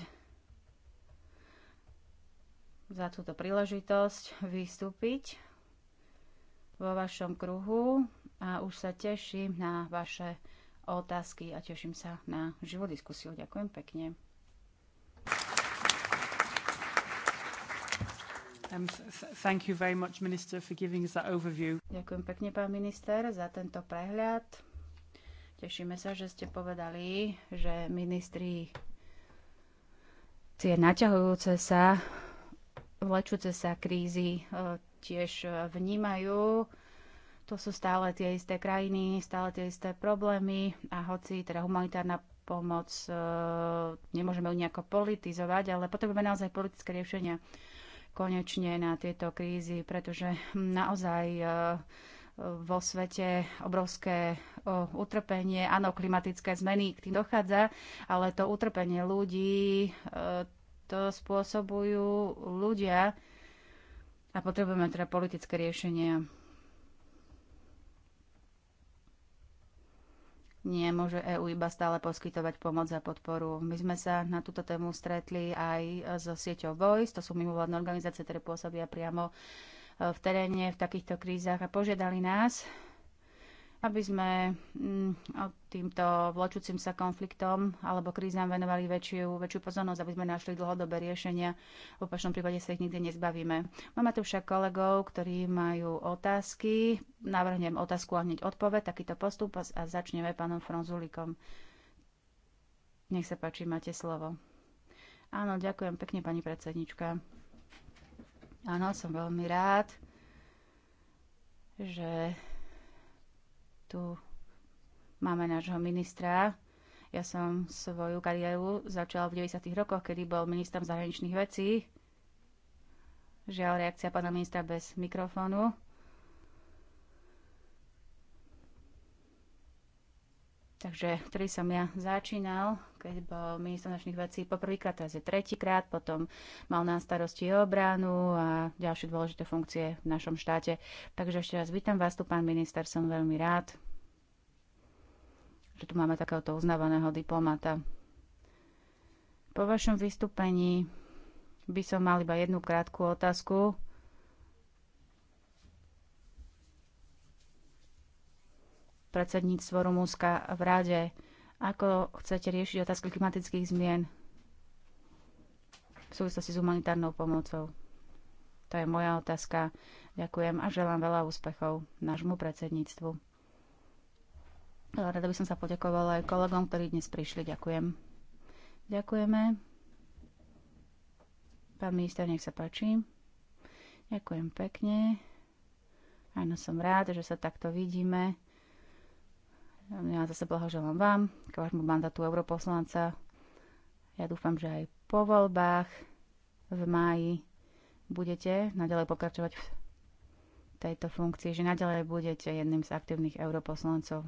za túto príležitosť vystúpiť vo vašom kruhu a už sa teším na vaše otázky a teším sa na živú diskusiu. Ďakujem pekne. Um, thank you very much, minister, for giving us that overview. Ďakujem pekne, pán minister, za tento prehľad. Tešíme sa, že ste povedali, že ministri tie naťahujúce sa, vlečúce sa krízy eh, tiež eh, vnímajú to sú stále tie isté krajiny, stále tie isté problémy a hoci teda humanitárna pomoc e, nemôžeme ju nejako politizovať, ale potrebujeme naozaj politické riešenia konečne na tieto krízy, pretože naozaj e, vo svete obrovské e, utrpenie. Áno, klimatické zmeny k tým dochádza, ale to utrpenie ľudí to spôsobujú ľudia a potrebujeme teda politické riešenia. nie môže EÚ iba stále poskytovať pomoc a podporu. My sme sa na túto tému stretli aj so sieťou Voice, to sú mimovládne organizácie, ktoré pôsobia priamo e, v teréne v takýchto krízach a požiadali nás, aby sme mm, týmto vločúcim sa konfliktom alebo krízam venovali väčšiu, väčšiu pozornosť, aby sme našli dlhodobé riešenia. V opačnom prípade sa ich nikdy nezbavíme. Máme tu však kolegov, ktorí majú otázky. Navrhnem otázku a hneď odpoveď, takýto postup a začneme pánom Fronzulikom. Nech sa páči, máte slovo. Áno, ďakujem pekne, pani predsednička. Áno, som veľmi rád, že tu máme nášho ministra. Ja som svoju kariéru začala v 90. rokoch, kedy bol ministrom zahraničných vecí. Žiaľ, reakcia pána ministra bez mikrofónu. Takže ktorý som ja začínal, keď bol minister našich vecí poprvýkrát, teraz je tretíkrát, potom mal na starosti obranu a ďalšie dôležité funkcie v našom štáte. Takže ešte raz vítam vás tu, pán minister, som veľmi rád, že tu máme takéhoto uznávaného diplomata. Po vašom vystúpení by som mal iba jednu krátku otázku. predsedníctvo Rumúnska v Rade. Ako chcete riešiť otázky klimatických zmien v súvislosti s humanitárnou pomocou? To je moja otázka. Ďakujem a želám veľa úspechov nášmu predsedníctvu. Rada by som sa poďakovala aj kolegom, ktorí dnes prišli. Ďakujem. Ďakujeme. Pán minister, nech sa páči. Ďakujem pekne. Áno, som rád, že sa takto vidíme. Ja zase blahoželám vám k vášmu mandátu europoslanca. Ja dúfam, že aj po voľbách v máji budete naďalej pokračovať v tejto funkcii, že naďalej budete jedným z aktívnych europoslancov.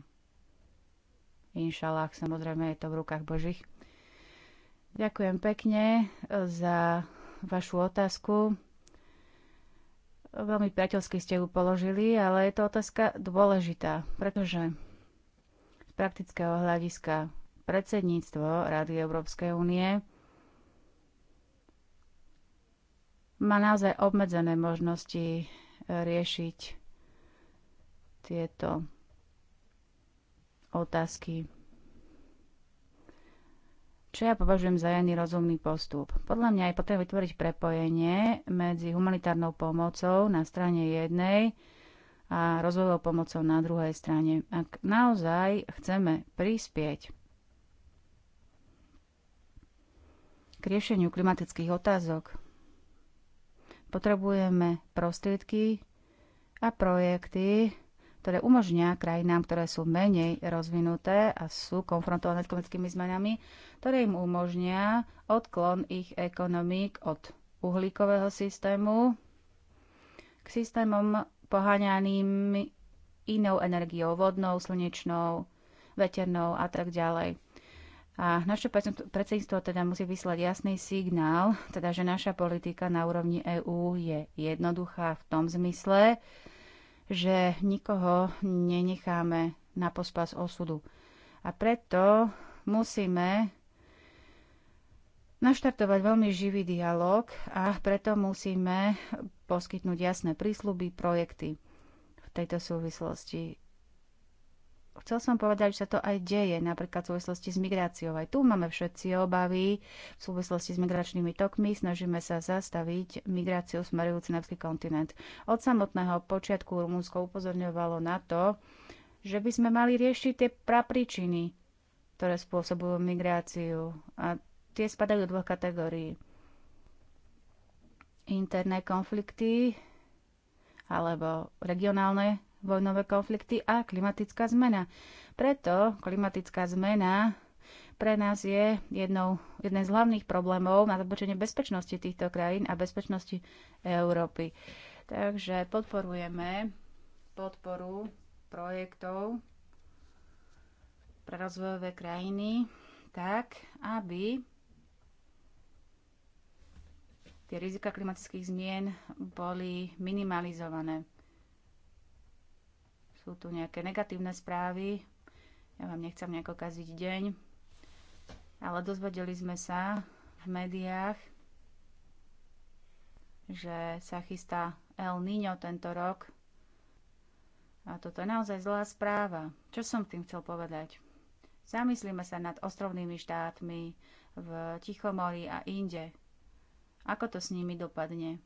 Inšalách, samozrejme, je to v rukách Božích. Ďakujem pekne za vašu otázku. Veľmi priateľsky ste ju položili, ale je to otázka dôležitá, pretože praktického hľadiska predsedníctvo Rady Európskej únie má naozaj obmedzené možnosti e, riešiť tieto otázky. Čo ja považujem za jedný rozumný postup? Podľa mňa je potrebné vytvoriť prepojenie medzi humanitárnou pomocou na strane jednej a rozvojovou pomocou na druhej strane. Ak naozaj chceme prispieť k riešeniu klimatických otázok, potrebujeme prostriedky a projekty, ktoré umožnia krajinám, ktoré sú menej rozvinuté a sú konfrontované s klimatickými zmenami, ktoré im umožnia odklon ich ekonomík od uhlíkového systému k systémom poháňaným inou energiou, vodnou, slnečnou, veternou a tak ďalej. A naše predsedníctvo teda musí vyslať jasný signál, teda že naša politika na úrovni EÚ je jednoduchá v tom zmysle, že nikoho nenecháme na pospas osudu. A preto musíme naštartovať veľmi živý dialog a preto musíme poskytnúť jasné prísľuby, projekty v tejto súvislosti. Chcel som povedať, že sa to aj deje, napríklad v súvislosti s migráciou. Aj tu máme všetci obavy v súvislosti s migračnými tokmi. Snažíme sa zastaviť migráciu smerujúci na kontinent. Od samotného počiatku Rumunsko upozorňovalo na to, že by sme mali riešiť tie prapríčiny, ktoré spôsobujú migráciu. A tie spadajú do dvoch kategórií. Interné konflikty alebo regionálne vojnové konflikty a klimatická zmena. Preto klimatická zmena pre nás je jednou, jeden z hlavných problémov na zabočenie bezpečnosti týchto krajín a bezpečnosti Európy. Takže podporujeme podporu projektov pre rozvojové krajiny tak, aby tie rizika klimatických zmien boli minimalizované. Sú tu nejaké negatívne správy, ja vám nechcem nejako kaziť deň, ale dozvedeli sme sa v médiách, že sa chystá El Niño tento rok. A toto je naozaj zlá správa. Čo som tým chcel povedať? Zamyslíme sa nad ostrovnými štátmi v Tichomori a inde. Ako to s nimi dopadne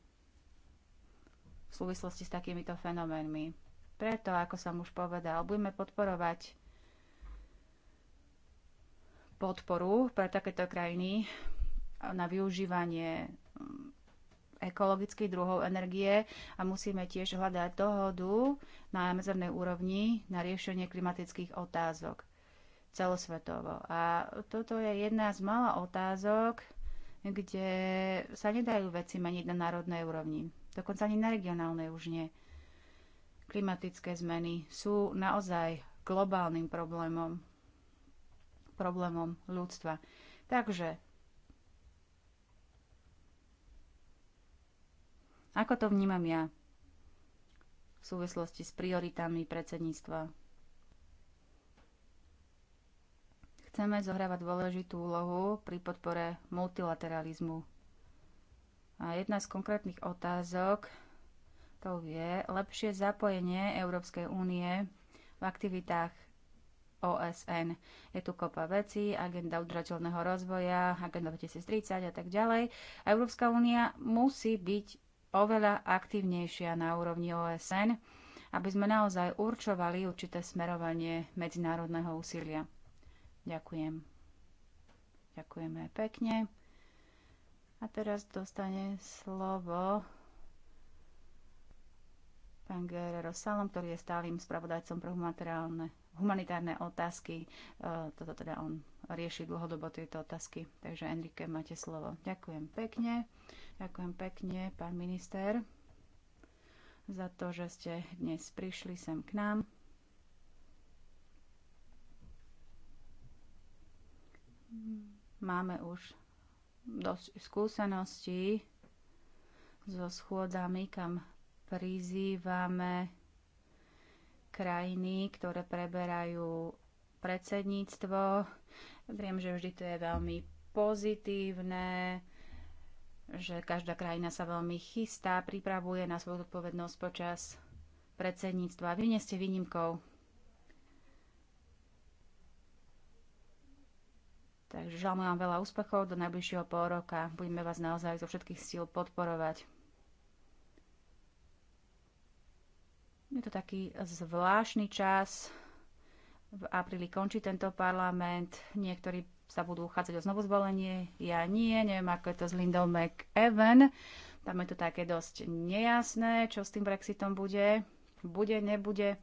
v súvislosti s takýmito fenoménmi? Preto, ako som už povedal, budeme podporovať podporu pre takéto krajiny na využívanie mm, ekologických druhov energie a musíme tiež hľadať dohodu na medzernej úrovni na riešenie klimatických otázok celosvetovo. A toto je jedna z mála otázok, kde sa nedajú veci meniť na národnej úrovni. Dokonca ani na regionálnej už nie. Klimatické zmeny sú naozaj globálnym problémom, problémom ľudstva. Takže, ako to vnímam ja v súvislosti s prioritami predsedníctva? chceme zohrávať dôležitú úlohu pri podpore multilateralizmu. A jedna z konkrétnych otázok to je lepšie zapojenie Európskej únie v aktivitách OSN. Je tu kopa vecí, agenda udržateľného rozvoja, agenda 2030 a tak ďalej. A Európska únia musí byť oveľa aktívnejšia na úrovni OSN, aby sme naozaj určovali určité smerovanie medzinárodného úsilia. Ďakujem. Ďakujeme pekne. A teraz dostane slovo pán Guerrero Salom, ktorý je stálym spravodajcom pre humanitárne, humanitárne otázky. E, toto teda on rieši dlhodobo tieto otázky. Takže Enrique, máte slovo. Ďakujem pekne. Ďakujem pekne, pán minister, za to, že ste dnes prišli sem k nám. Máme už dosť skúseností so schôdami, kam prizývame krajiny, ktoré preberajú predsedníctvo. Viem, že vždy to je veľmi pozitívne, že každá krajina sa veľmi chystá, pripravuje na svoju zodpovednosť počas predsedníctva. Vy nie ste výnimkou. Takže želám vám veľa úspechov do najbližšieho pol roka. Budeme vás naozaj zo všetkých síl podporovať. Je to taký zvláštny čas. V apríli končí tento parlament. Niektorí sa budú uchádzať o znovuzvolenie. Ja nie, neviem, ako je to s Lindou McEwen. Tam je to také dosť nejasné, čo s tým Brexitom bude. Bude, nebude.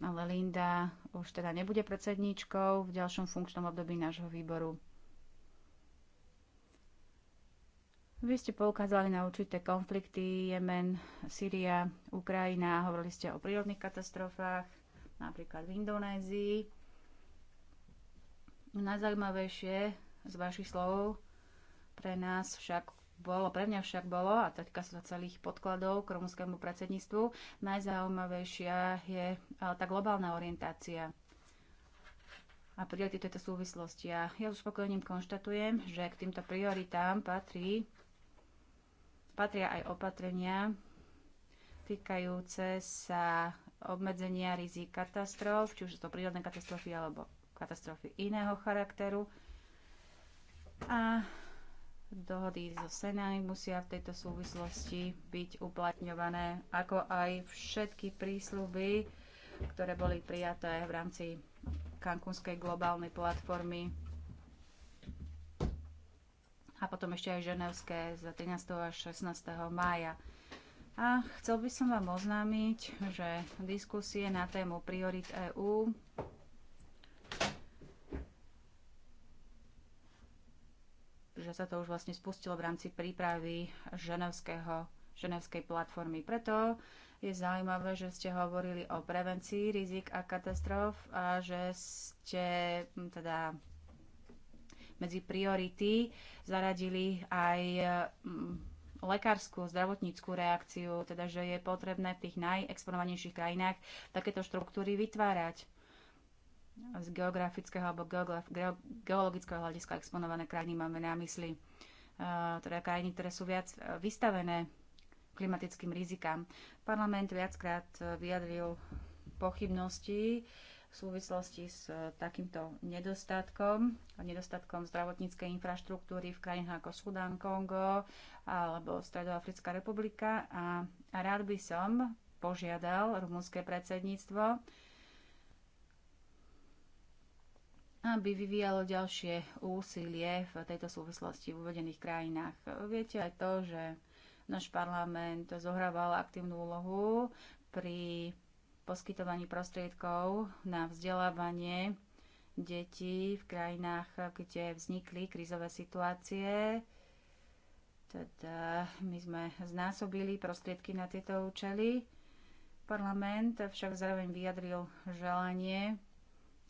ale Linda už teda nebude predsedníčkou v ďalšom funkčnom období nášho výboru. Vy ste poukázali na určité konflikty Jemen, Syria, Ukrajina, hovorili ste o prírodných katastrofách, napríklad v Indonézii. Najzaujímavejšie z vašich slov pre nás však bolo, pre mňa však bolo, a teďka sa celých podkladov k rumúnskému predsedníctvu, najzaujímavejšia je eh, tá globálna orientácia a priority tejto súvislosti. A ja s uspokojením konštatujem, že k týmto prioritám patrí, patria aj opatrenia týkajúce sa obmedzenia rizik katastrof, či už to prírodné katastrofy alebo katastrofy iného charakteru. A Dohody so Senami musia v tejto súvislosti byť uplatňované, ako aj všetky prísľuby, ktoré boli prijaté v rámci Cancúnskej globálnej platformy a potom ešte aj ženevské z 13. až 16. mája. A chcel by som vám oznámiť, že diskusie na tému priorit EÚ že sa to už vlastne spustilo v rámci prípravy ženevského, ženevskej platformy. Preto je zaujímavé, že ste hovorili o prevencii rizik a katastrof a že ste hm, teda medzi priority zaradili aj hm, lekárskú, zdravotníckú reakciu, teda že je potrebné v tých najexponovanejších krajinách takéto štruktúry vytvárať z geografického alebo geologického hľadiska exponované krajiny máme na mysli, e, teda krajiny, ktoré sú viac e, vystavené klimatickým rizikám. Parlament viackrát e, vyjadril pochybnosti v súvislosti s takýmto nedostatkom, nedostatkom zdravotníckej infraštruktúry v krajinách ako Sudán, Kongo alebo Stredoafrická republika. A, rád by som požiadal rumúnske predsedníctvo, aby vyvíjalo ďalšie úsilie v tejto súvislosti v uvedených krajinách. Viete aj to, že náš parlament zohrával aktívnu úlohu pri poskytovaní prostriedkov na vzdelávanie detí v krajinách, kde vznikli krízové situácie. Teda my sme znásobili prostriedky na tieto účely. Parlament však zároveň vyjadril želanie,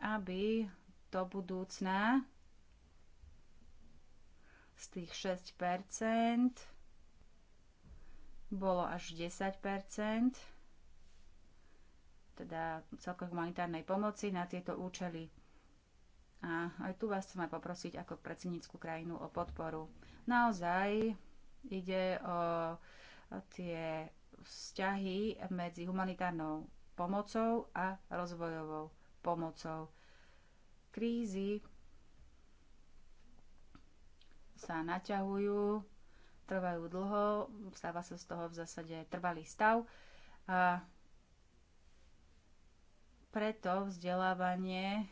aby do budúcna z tých 6% bolo až 10%, teda celkovej humanitárnej pomoci na tieto účely. A aj tu vás chceme poprosiť ako predsednickú krajinu o podporu. Naozaj ide o tie vzťahy medzi humanitárnou pomocou a rozvojovou pomocou krízy sa naťahujú, trvajú dlho, stáva sa z toho v zásade trvalý stav. A preto vzdelávanie,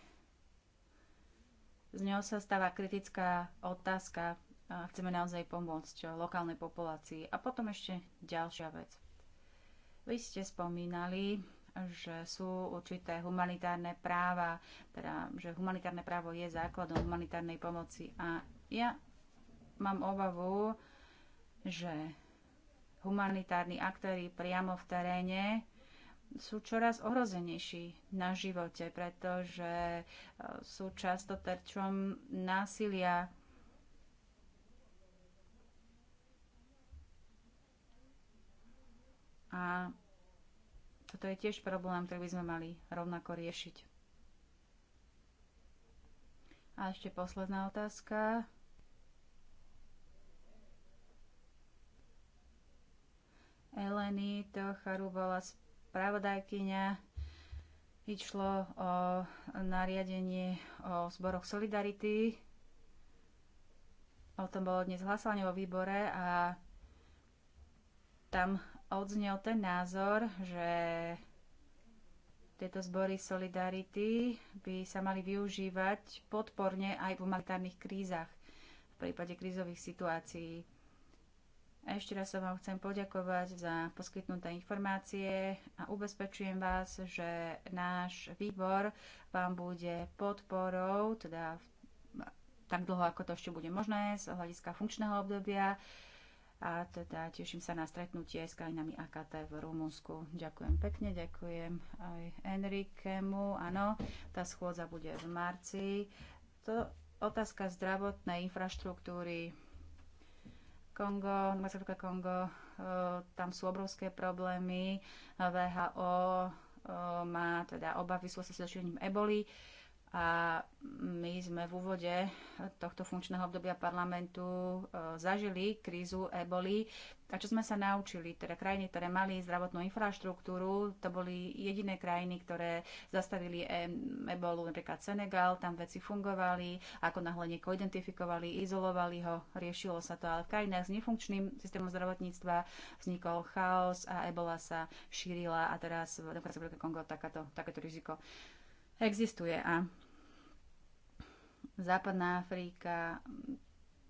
z neho sa stáva kritická otázka, a chceme naozaj pomôcť lokálnej populácii. A potom ešte ďalšia vec. Vy ste spomínali že sú určité humanitárne práva, teda, že humanitárne právo je základom humanitárnej pomoci. A ja mám obavu, že humanitárni aktéry priamo v teréne sú čoraz ohrozenejší na živote, pretože e, sú často terčom násilia. A toto je tiež problém, ktorý by sme mali rovnako riešiť. A ešte posledná otázka. Eleny Tocharu bola spravodajkyňa. Išlo o nariadenie o zboroch Solidarity. O tom bolo dnes hlasovanie vo výbore a tam odznel ten názor, že tieto zbory Solidarity by sa mali využívať podporne aj v humanitárnych krízach, v prípade krízových situácií. A ešte raz sa vám chcem poďakovať za poskytnuté informácie a ubezpečujem vás, že náš výbor vám bude podporou, teda tak dlho, ako to ešte bude možné z hľadiska funkčného obdobia, a teda teším sa na stretnutie s krajinami AKT v Rumunsku. Ďakujem pekne, ďakujem aj Enrikemu. Áno, tá schôdza bude v marci. To otázka zdravotnej infraštruktúry. Kongo, Demokratická Kongo, e, tam sú obrovské problémy. E, VHO e, má teda obavy s rozšírením eboli. A my sme v úvode tohto funkčného obdobia parlamentu e, zažili krízu eboli. A čo sme sa naučili? Teda krajiny, ktoré mali zdravotnú infraštruktúru, to boli jediné krajiny, ktoré zastavili ebolu, napríklad Senegal, tam veci fungovali, ako náhle niekoho identifikovali, izolovali ho, riešilo sa to. Ale v krajinách s nefunkčným systémom zdravotníctva vznikol chaos a ebola sa šírila a teraz v Demokratickej Kongo takáto, takéto riziko existuje. A Západná Afrika,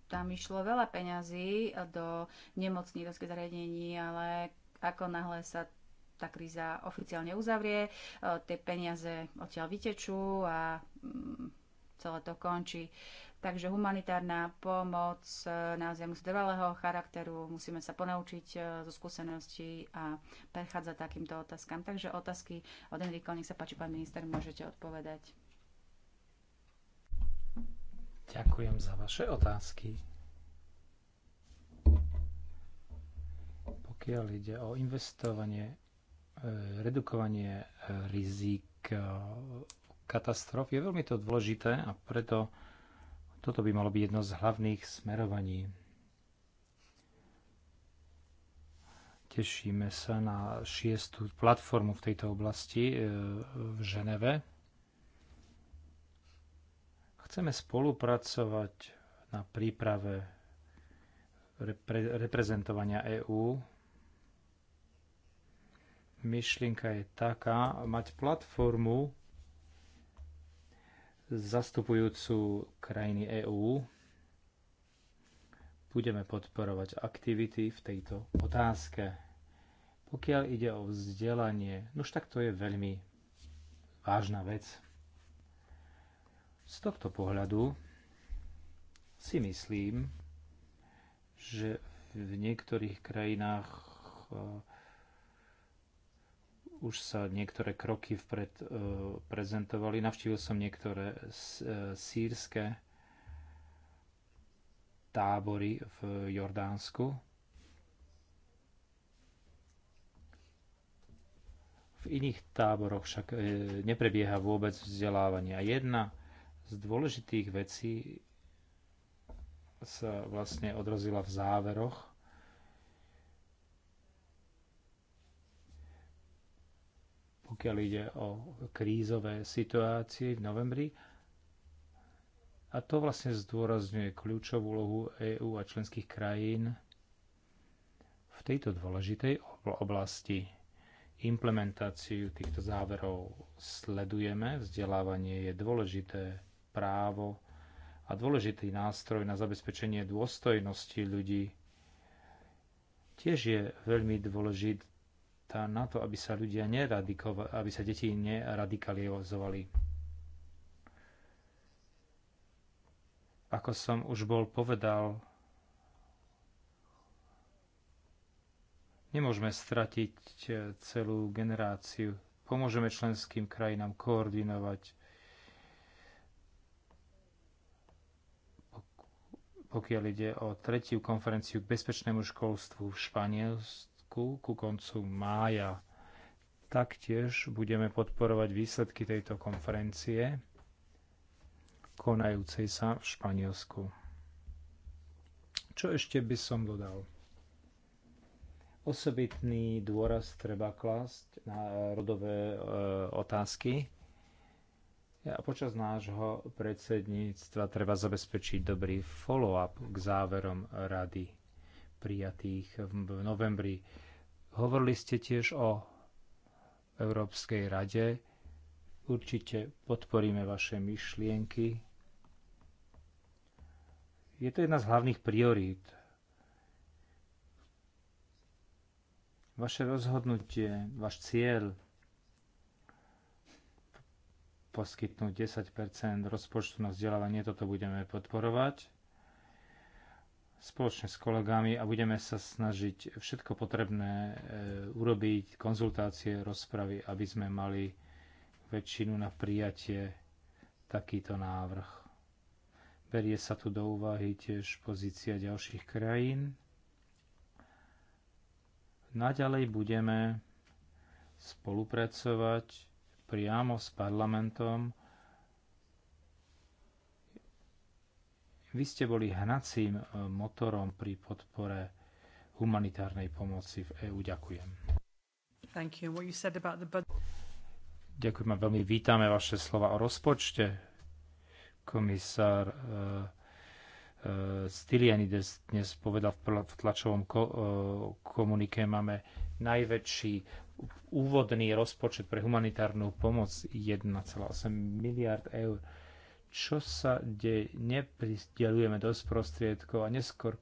tam išlo veľa peňazí do nemocných zariadení, ale ako náhle sa tá kríza oficiálne uzavrie, e, tie peniaze odtiaľ vytečú a mm, celé to končí. Takže humanitárna pomoc e, naozaj musí trvalého charakteru, musíme sa ponaučiť e, zo skúseností a prechádzať takýmto otázkam. Takže otázky od Enrico, nech sa páči, pán minister, môžete odpovedať. Ďakujem za vaše otázky. Pokiaľ ide o investovanie, e, redukovanie rizik katastrof, je veľmi to dôležité a preto toto by malo byť jedno z hlavných smerovaní. Tešíme sa na šiestu platformu v tejto oblasti e, v Ženeve. Chceme spolupracovať na príprave repre- reprezentovania EÚ. Myšlienka je taká, mať platformu, zastupujúcu krajiny EÚ budeme podporovať aktivity v tejto otázke. Pokiaľ ide o vzdelanie, no už tak to je veľmi vážna vec. Z tohto pohľadu si myslím, že v niektorých krajinách eh, už sa niektoré kroky vpred e, prezentovali. Navštívil som niektoré e, sírske tábory v Jordánsku. V iných táboroch však e, neprebieha vôbec vzdelávanie. A jedna z dôležitých vecí sa vlastne odrazila v záveroch pokiaľ ide o krízové situácie v novembri. A to vlastne zdôrazňuje kľúčovú úlohu EÚ a členských krajín v tejto dôležitej oblasti. Implementáciu týchto záverov sledujeme, vzdelávanie je dôležité právo a dôležitý nástroj na zabezpečenie dôstojnosti ľudí. Tiež je veľmi dôležitý tá na to, aby sa ľudia neradikovali, aby sa deti neradikalizovali. Ako som už bol povedal, nemôžeme stratiť e, celú generáciu. Pomôžeme členským krajinám koordinovať pokiaľ ide o tretiu konferenciu k bezpečnému školstvu v Španielsku Slovensku ku koncu mája. Taktiež budeme podporovať výsledky tejto konferencie konajúcej sa v Španielsku. Čo ešte by som dodal? Osobitný dôraz treba klásť na rodové e, otázky. A počas nášho predsedníctva treba zabezpečiť dobrý follow-up k záverom rady prijatých v novembri Hovorili ste tiež o Európskej rade. Určite podporíme vaše myšlienky. Je to jedna z hlavných priorít. Vaše rozhodnutie, váš cieľ poskytnúť 10 rozpočtu na vzdelávanie, toto budeme podporovať spoločne s kolegami a budeme sa snažiť všetko potrebné e, urobiť, konzultácie, rozpravy, aby sme mali väčšinu na prijatie takýto návrh. Berie sa tu do úvahy tiež pozícia ďalších krajín. Naďalej budeme spolupracovať priamo s parlamentom, Vy ste boli hnacím e, motorom pri podpore humanitárnej pomoci v EÚ. Ďakujem. The... Ďakujem a veľmi vítame vaše slova o rozpočte. Komisár uh, uh, Stylianides dnes povedal v, v tlačovom ko, uh, komunike, máme najväčší úvodný rozpočet pre humanitárnu pomoc 1,8 miliard eur. Uh, čo sa deje, neprisdelujeme dosť prostriedkov a neskôr e,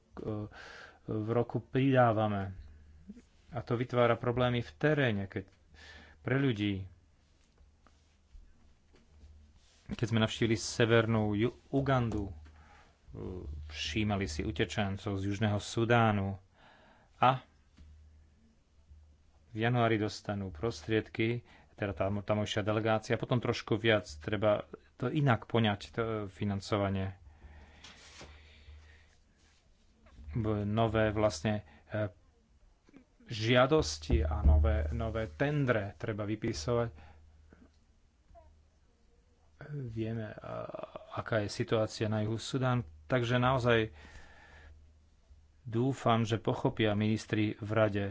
v roku pridávame. A to vytvára problémy v teréne, keď pre ľudí. Keď sme navštívili severnú Ugandu, e, všímali si utečencov z Južného Sudánu a v januári dostanú prostriedky teda tá tamojšia delegácia, potom trošku viac treba to inak poňať, to financovanie. Nové vlastne e, žiadosti a nové, nové tendre treba vypísovať. Vieme, aká je situácia na juhu Sudán, takže naozaj dúfam, že pochopia ministri v rade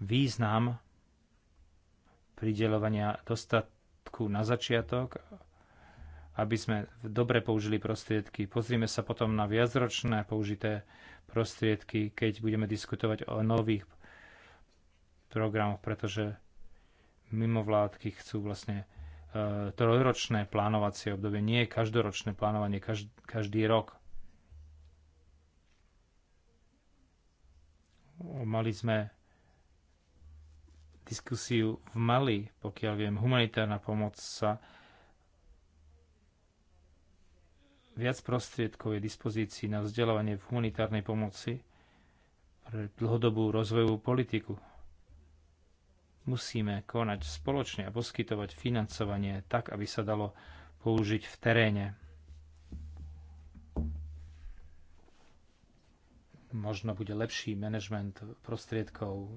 význam pridelovania dostatku na začiatok, aby sme dobre použili prostriedky. Pozrime sa potom na viacročné použité prostriedky, keď budeme diskutovať o nových programoch, pretože mimovládky chcú vlastne e, trojročné plánovacie obdobie, nie každoročné plánovanie, každý, každý rok. Mali sme diskusiu v Mali, pokiaľ viem, humanitárna pomoc sa viac prostriedkov je dispozícii na vzdelávanie v humanitárnej pomoci pre dlhodobú rozvojovú politiku. Musíme konať spoločne a poskytovať financovanie tak, aby sa dalo použiť v teréne. Možno bude lepší manažment prostriedkov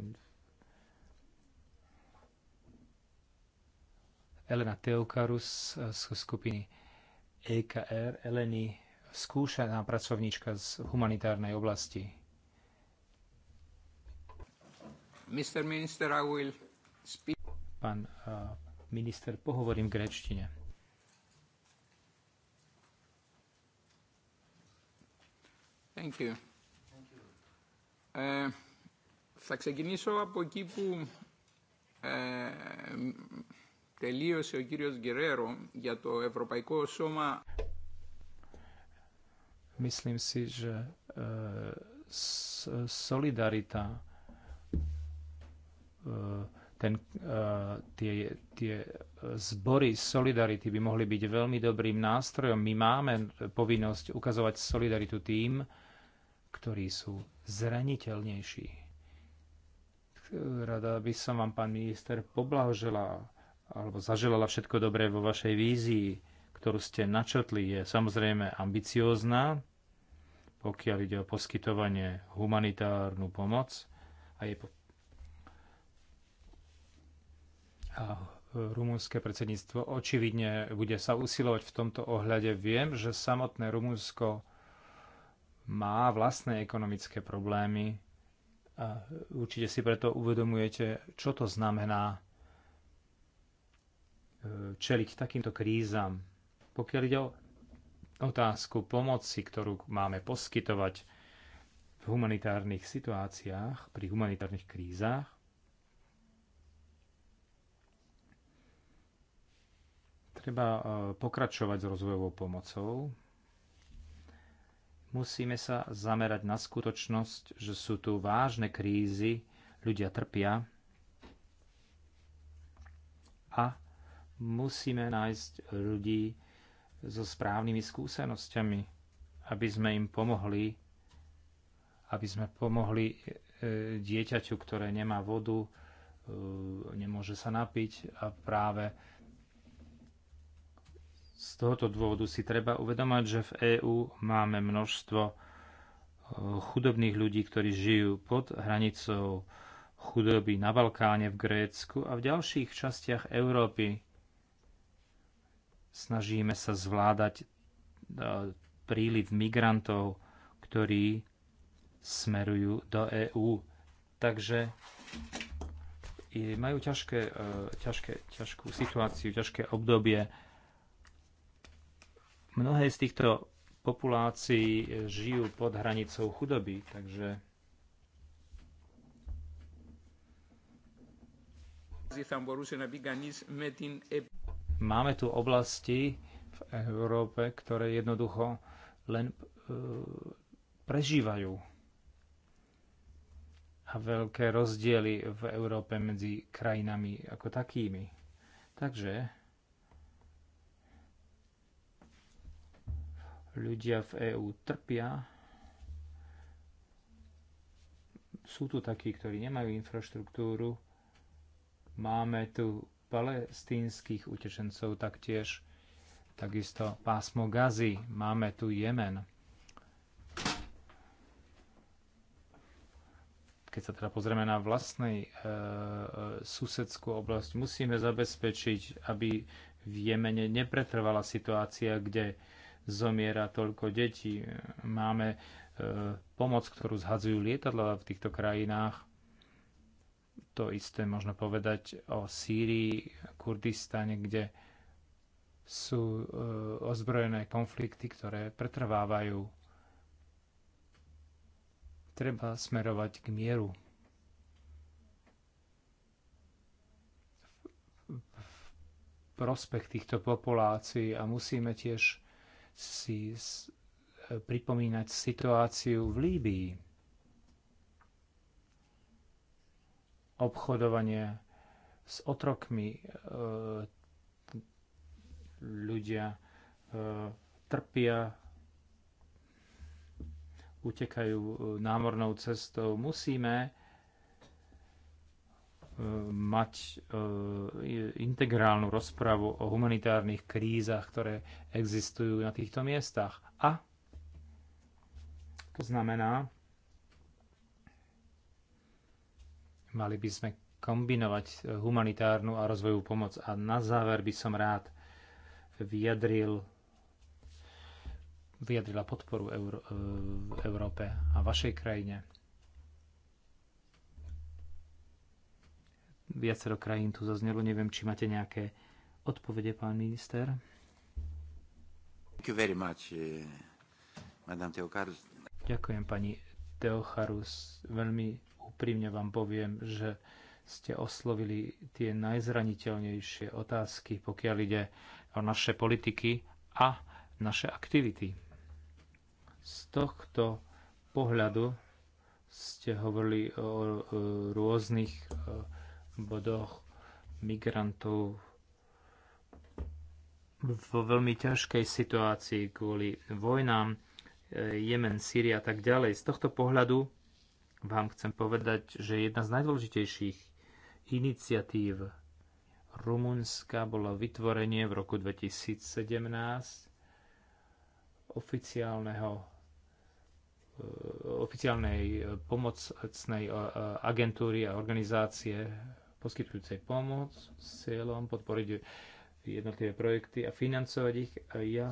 Elena Teukarus eh, z skupiny EKR. Eleni, skúšaná pracovníčka z humanitárnej oblasti. Mr. Minister, I will speak. Pán eh, minister, pohovorím grečtine. Thank you. Thank eh, you. Ε, θα ξεκινήσω από εκεί που ε, Τελείωσε ο κύριος Γκερέρο για το Ευρωπαϊκό Σώμα. Myslím si, že solidarita, ten, tie, tie zbory solidarity by mohli byť veľmi dobrým nástrojom. My máme povinnosť ukazovať solidaritu tým, ktorí sú zraniteľnejší. Rada by som vám, pán minister, poblahoželal alebo zaželala všetko dobré vo vašej vízii, ktorú ste načotli, je samozrejme ambiciózna, pokiaľ ide o poskytovanie humanitárnu pomoc a je po... a rumúnske predsedníctvo očividne bude sa usilovať v tomto ohľade. Viem, že samotné Rumúnsko má vlastné ekonomické problémy a určite si preto uvedomujete, čo to znamená čeliť takýmto krízam. Pokiaľ ide o otázku pomoci, ktorú máme poskytovať v humanitárnych situáciách, pri humanitárnych krízach, treba e, pokračovať s rozvojovou pomocou. Musíme sa zamerať na skutočnosť, že sú tu vážne krízy, ľudia trpia a Musíme nájsť ľudí so správnymi skúsenosťami, aby sme im pomohli, aby sme pomohli e, dieťaťu, ktoré nemá vodu, e, nemôže sa napiť a práve z tohoto dôvodu si treba uvedomať, že v EÚ máme množstvo e, chudobných ľudí, ktorí žijú pod hranicou chudoby na Balkáne, v Grécku a v ďalších častiach Európy. Snažíme sa zvládať e, príliv migrantov, ktorí smerujú do EÚ. Takže majú ťažké, e, ťažké, ťažkú situáciu, ťažké obdobie. Mnohé z týchto populácií e, žijú pod hranicou chudoby, takže θα μπορούσε να πει κανείς Máme tu oblasti v Európe, ktoré jednoducho len e, prežívajú. A veľké rozdiely v Európe medzi krajinami ako takými. Takže ľudia v EÚ trpia. Sú tu takí, ktorí nemajú infraštruktúru. Máme tu palestínskych utečencov taktiež, takisto pásmo Gazy, máme tu Jemen. Keď sa teda pozrieme na vlastnej e, e, susedskú oblasť, musíme zabezpečiť, aby v Jemene nepretrvala situácia, kde zomiera toľko detí. Máme e, pomoc, ktorú zhadzujú lietadla v týchto krajinách to isté možno povedať o Sýrii, Kurdistane, kde sú e, ozbrojené konflikty, ktoré pretrvávajú. Treba smerovať k mieru. prospech týchto populácií a musíme tiež si e, pripomínať situáciu v Líbii obchodovanie s otrokmi. E, ľudia e, trpia, utekajú e, námornou cestou. Musíme mať integrálnu rozpravu o humanitárnych krízach, ktoré existujú na týchto miestach. A to znamená, Mali by sme kombinovať eh, humanitárnu a rozvojovú pomoc. A na záver by som rád vyjadril vyjadrila podporu Euró- eh, Európe a vašej krajine. Viacero krajín tu zaznelo, neviem, či máte nejaké odpovede, pán minister. Eh, Ďakujem, pani Teocharus. Veľmi úprimne vám poviem, že ste oslovili tie najzraniteľnejšie otázky, pokiaľ ide o naše politiky a naše aktivity. Z tohto pohľadu ste hovorili o rôznych e, bodoch migrantov vo veľmi ťažkej situácii kvôli vojnám, e, Jemen, Sýria a tak ďalej. Z tohto pohľadu vám chcem povedať, že jedna z najdôležitejších iniciatív Rumunska bolo vytvorenie v roku 2017 oficiálneho eh, oficiálnej eh, pomocnej eh, agentúry a organizácie poskytujúcej pomoc s cieľom podporiť jednotlivé projekty a financovať ich. A ja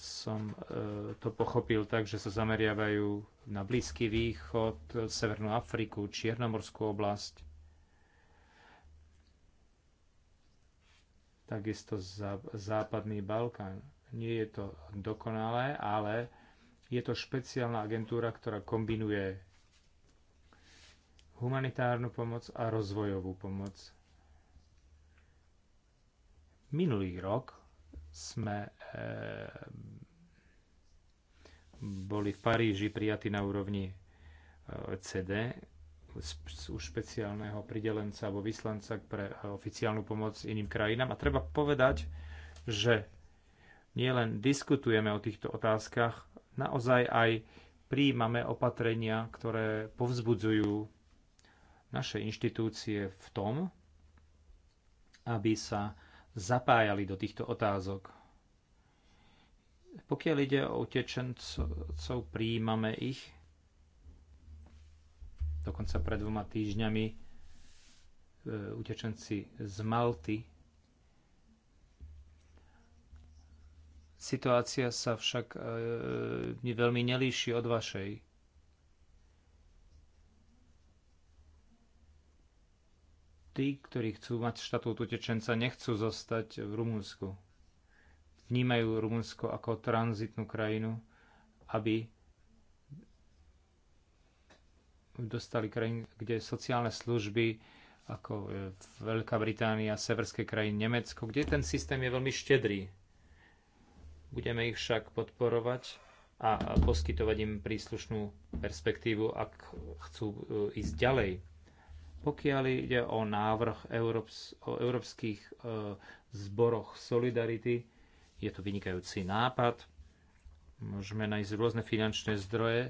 som to pochopil tak, že sa zameriavajú na Blízky východ, Severnú Afriku, Čiernomorskú oblasť. Takisto Západný Balkán. Nie je to dokonalé, ale je to špeciálna agentúra, ktorá kombinuje humanitárnu pomoc a rozvojovú pomoc. Minulý rok sme eh, boli v Paríži prijatí na úrovni e, CD už špeciálneho pridelenca alebo vyslanca pre e, oficiálnu pomoc iným krajinám. A treba povedať, že nielen diskutujeme o týchto otázkach, naozaj aj príjmame opatrenia, ktoré povzbudzujú naše inštitúcie v tom, aby sa zapájali do týchto otázok. Pokiaľ ide o utečencov, príjmame ich. Dokonca pred dvoma týždňami e, utečenci z Malty. Situácia sa však e, veľmi nelíši od vašej. Tí, ktorí chcú mať štatút utečenca, nechcú zostať v Rumunsku vnímajú Rumunsko ako tranzitnú krajinu, aby dostali krajín, kde sociálne služby ako Veľká Británia, severské krajiny, Nemecko, kde ten systém je veľmi štedrý. Budeme ich však podporovať a poskytovať im príslušnú perspektívu, ak chcú e, ísť ďalej. Pokiaľ ide o návrh Európs- o európskych e, zboroch Solidarity, je to vynikajúci nápad. Môžeme nájsť rôzne finančné zdroje.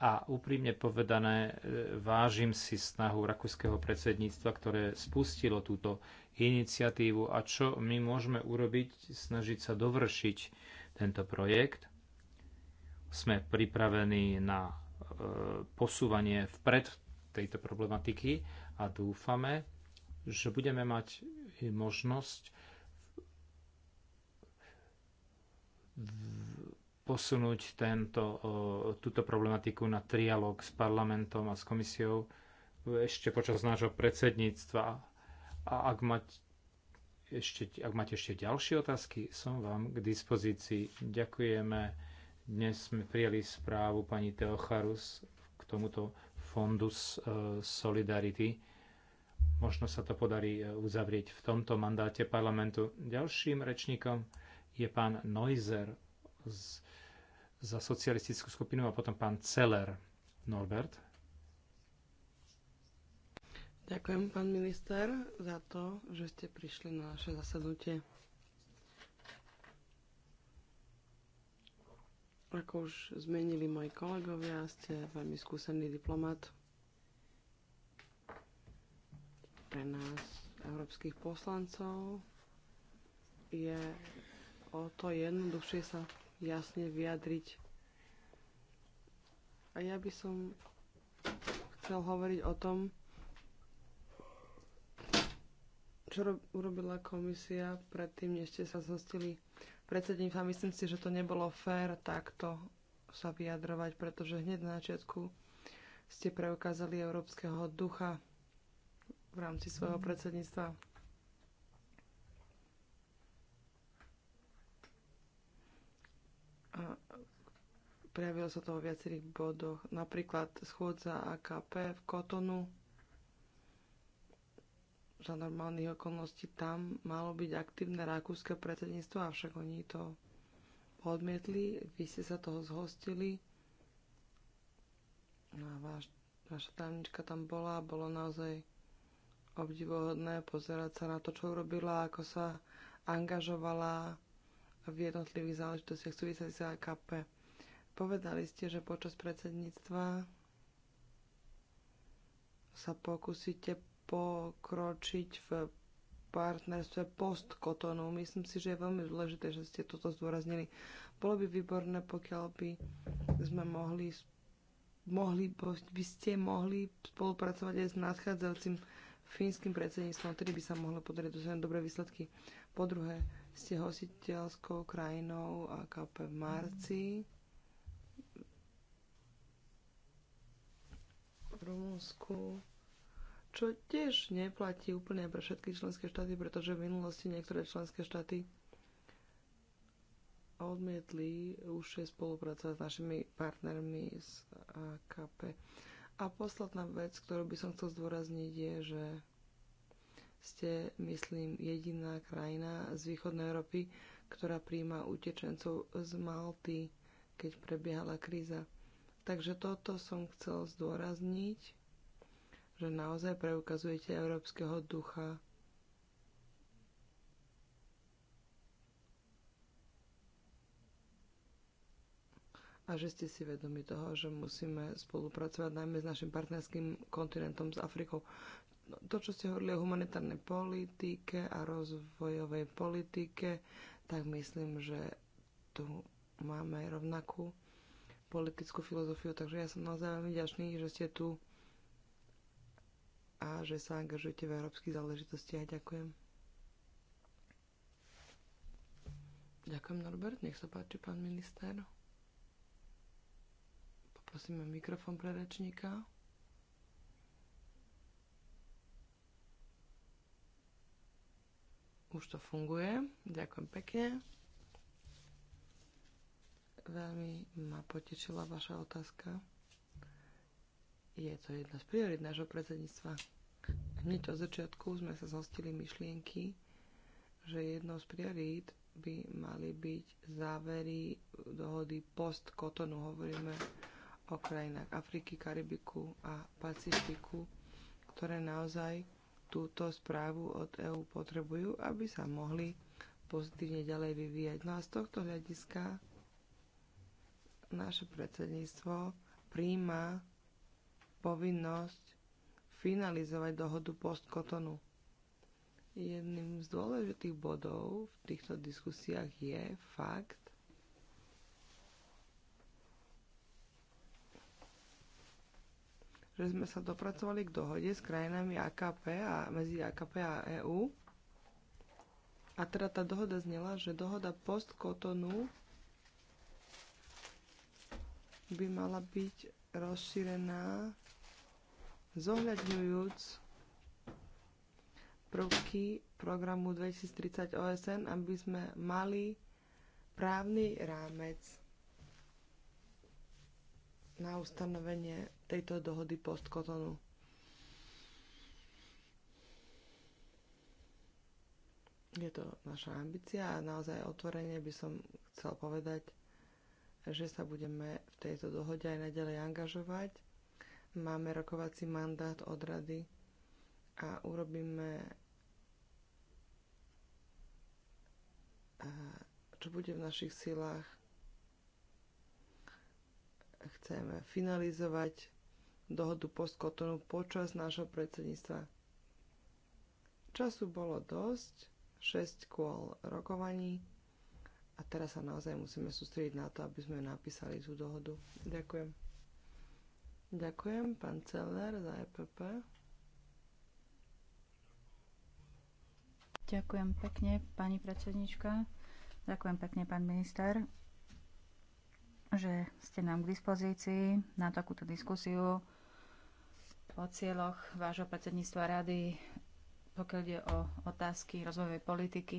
A úprimne povedané, e, vážim si snahu rakúskeho predsedníctva, ktoré spustilo túto iniciatívu a čo my môžeme urobiť, snažiť sa dovršiť tento projekt. Sme pripravení na e, posúvanie vpred tejto problematiky a dúfame, že budeme mať možnosť posunúť tento, túto problematiku na trialog s parlamentom a s komisiou ešte počas nášho predsedníctva. A ak máte ešte, ak máte ešte ďalšie otázky, som vám k dispozícii. Ďakujeme. Dnes sme prijali správu pani Teocharus k tomuto fondu e, Solidarity. Možno sa to podarí e, uzavrieť v tomto mandáte parlamentu. Ďalším rečníkom je pán Neuser z, za socialistickú skupinu a potom pán Celer Norbert. Ďakujem, pán minister, za to, že ste prišli na naše zasadnutie. Ako už zmenili moji kolegovia, ste veľmi skúsený diplomat pre nás, európskych poslancov, je o to jednoduchšie sa jasne vyjadriť. A ja by som chcel hovoriť o tom, čo urobila komisia predtým, než ste sa zhostili a Myslím si, že to nebolo fér takto sa vyjadrovať, pretože hneď na začiatku ste preukázali európskeho ducha v rámci svojho predsedníctva. prejavilo sa to vo viacerých bodoch. Napríklad schôdza AKP v Kotonu za normálnych okolností tam malo byť aktívne rakúske predsedníctvo, avšak oni to odmietli, vy ste sa toho zhostili no a váš, vaša tajomnička tam bola a bolo naozaj obdivohodné pozerať sa na to, čo urobila, ako sa angažovala, v jednotlivých záležitostiach súvisiacich s AKP. Povedali ste, že počas predsedníctva sa pokúsite pokročiť v partnerstve postkotonu. Myslím si, že je veľmi dôležité, že ste toto zdôraznili. Bolo by výborné, pokiaľ by sme mohli, mohli by ste mohli spolupracovať aj s nadchádzajúcim fínskym predsedníctvom, ktorý by sa mohlo podariť dosiahnuť dobré výsledky. Po druhé, ste hostiteľskou krajinou AKP v marci. V Rumúnsku čo tiež neplatí úplne pre všetky členské štáty, pretože v minulosti niektoré členské štáty odmietli už je spolupracovať s našimi partnermi z AKP. A posledná vec, ktorú by som chcel zdôrazniť, je, že ste, myslím, jediná krajina z východnej Európy, ktorá príjma utečencov z Malty, keď prebiehala kríza. Takže toto som chcel zdôrazniť, že naozaj preukazujete európskeho ducha. A že ste si vedomi toho, že musíme spolupracovať najmä s našim partnerským kontinentom, s Afrikou to, čo ste hovorili o humanitárnej politike a rozvojovej politike, tak myslím, že tu máme rovnakú politickú filozofiu, takže ja som naozaj veľmi ďačný, že ste tu a že sa angažujete v európskych záležitostiach. Ďakujem. Ďakujem, Norbert. Nech sa páči, pán minister. Poprosíme mikrofón pre rečníka. Už to funguje. Ďakujem pekne. Veľmi ma potešila vaša otázka. Je to jedna z priorit nášho predsedníctva. Hneď od začiatku sme sa zhostili myšlienky, že jednou z priorít by mali byť závery dohody post-Kotonu. Hovoríme o krajinách Afriky, Karibiku a Pacifiku, ktoré naozaj túto správu od EÚ potrebujú, aby sa mohli pozitívne ďalej vyvíjať. No a z tohto hľadiska naše predsedníctvo príjma povinnosť finalizovať dohodu postkotonu. Jedným z dôležitých bodov v týchto diskusiách je fakt, že sme sa dopracovali k dohode s krajinami AKP a medzi AKP a EÚ. A teda tá dohoda znela, že dohoda post-Kotonu by mala byť rozšírená zohľadňujúc prvky programu 2030 OSN, aby sme mali právny rámec na ustanovenie tejto dohody postkotonu. Je to naša ambícia a naozaj otvorene by som chcel povedať, že sa budeme v tejto dohode aj naďalej angažovať. Máme rokovací mandát od rady a urobíme čo bude v našich silách chceme finalizovať dohodu postkotonu počas nášho predsedníctva. Času bolo dosť, 6 kôl rokovaní a teraz sa naozaj musíme sústrediť na to, aby sme napísali tú dohodu. Ďakujem. Ďakujem, pán Celler za EPP. Ďakujem pekne, pani predsednička. Ďakujem pekne, pán minister že ste nám k dispozícii na takúto diskusiu o cieľoch vášho predsedníctva rady, pokiaľ ide o otázky rozvojovej politiky.